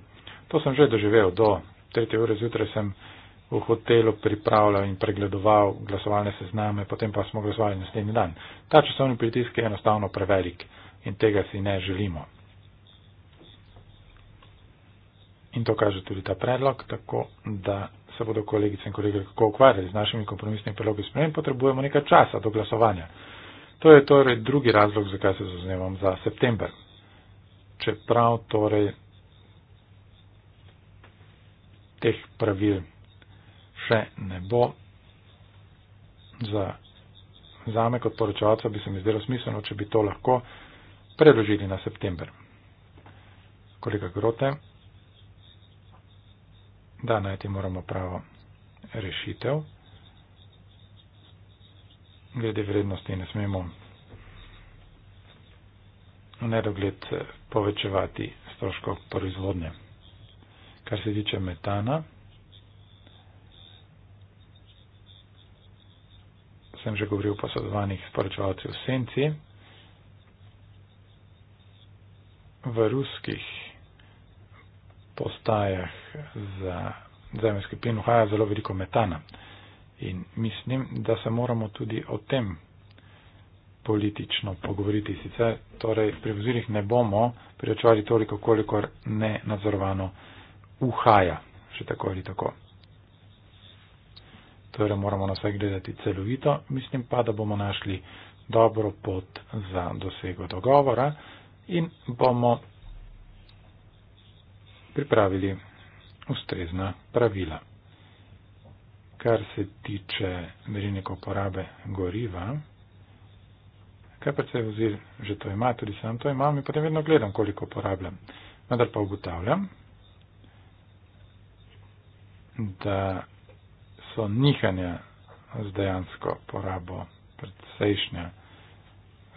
To sem že doživel. Do 3. ure zjutraj sem v hotelu pripravljal in pregledoval glasovalne sezname, potem pa smo glasovali naslednji dan. Ta časovni pritisk je enostavno prevelik in tega si ne želimo. In to kaže tudi ta predlog, tako da se bodo kolegice in kolege kako ukvarjali z našimi kompromisnimi predlogi sprememb, potrebujemo nekaj časa do glasovanja. To je torej drugi razlog, zakaj se zauzemam za september. Čeprav torej teh pravil še ne bo za. Zame kot poročevalca bi se mi zdelo smiselno, če bi to lahko preložili na september. Kolega Grote da najti moramo pravo rešitev. Glede vrednosti ne smemo v nedogled povečevati stroškov proizvodnje. Kar se tiče metana, sem že govoril o posodovanih sporočevalcev v senci. V ruskih postajah za zemljski plin uhaja zelo veliko metana. In mislim, da se moramo tudi o tem politično pogovoriti. Sicer torej pri vozilih ne bomo priročevali toliko, kolikor ne nadzorovano uhaja, še tako ali tako. Torej moramo na vse gledati celovito. Mislim pa, da bomo našli dobro pot za dosego dogovora in bomo pripravili ustrezna pravila. Kar se tiče merilnika uporabe goriva, kaj pa se je vzir, že to ima, tudi sam to imam in potem vedno gledam, koliko uporabljam. Vendar pa ugotavljam, da so nihanja z dejansko porabo predsejšnja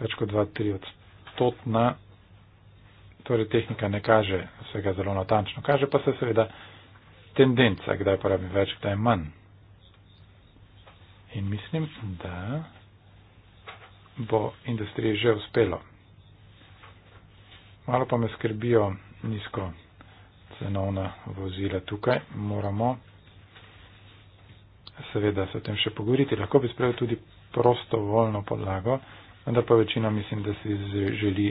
več kot 2-3 odstotna torej tehnika ne kaže vsega zelo natančno. Kaže pa se seveda tendenca, kdaj porabim več, kdaj manj. In mislim, da bo industriji že uspelo. Malo pa me skrbijo nizko cenovna vozila tukaj. Moramo seveda se o tem še pogovoriti. Lahko bi sprejel tudi prosto volno podlago, vendar pa večina mislim, da si želi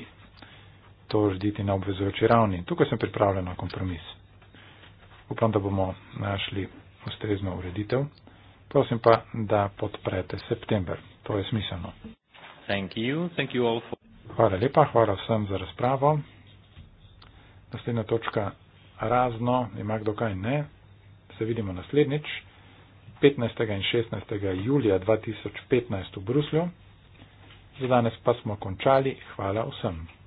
to urediti na obvezujoči ravni. Tukaj sem pripravljen na kompromis. Upam, da bomo našli ustrezno ureditev. Prosim pa, da podprete september. To je smiselno. Thank you. Thank you for... Hvala lepa, hvala vsem za razpravo. Naslednja točka razno, ima kdo kaj ne. Se vidimo naslednjič, 15. in 16. julija 2015 v Bruslju. Za danes pa smo končali. Hvala vsem.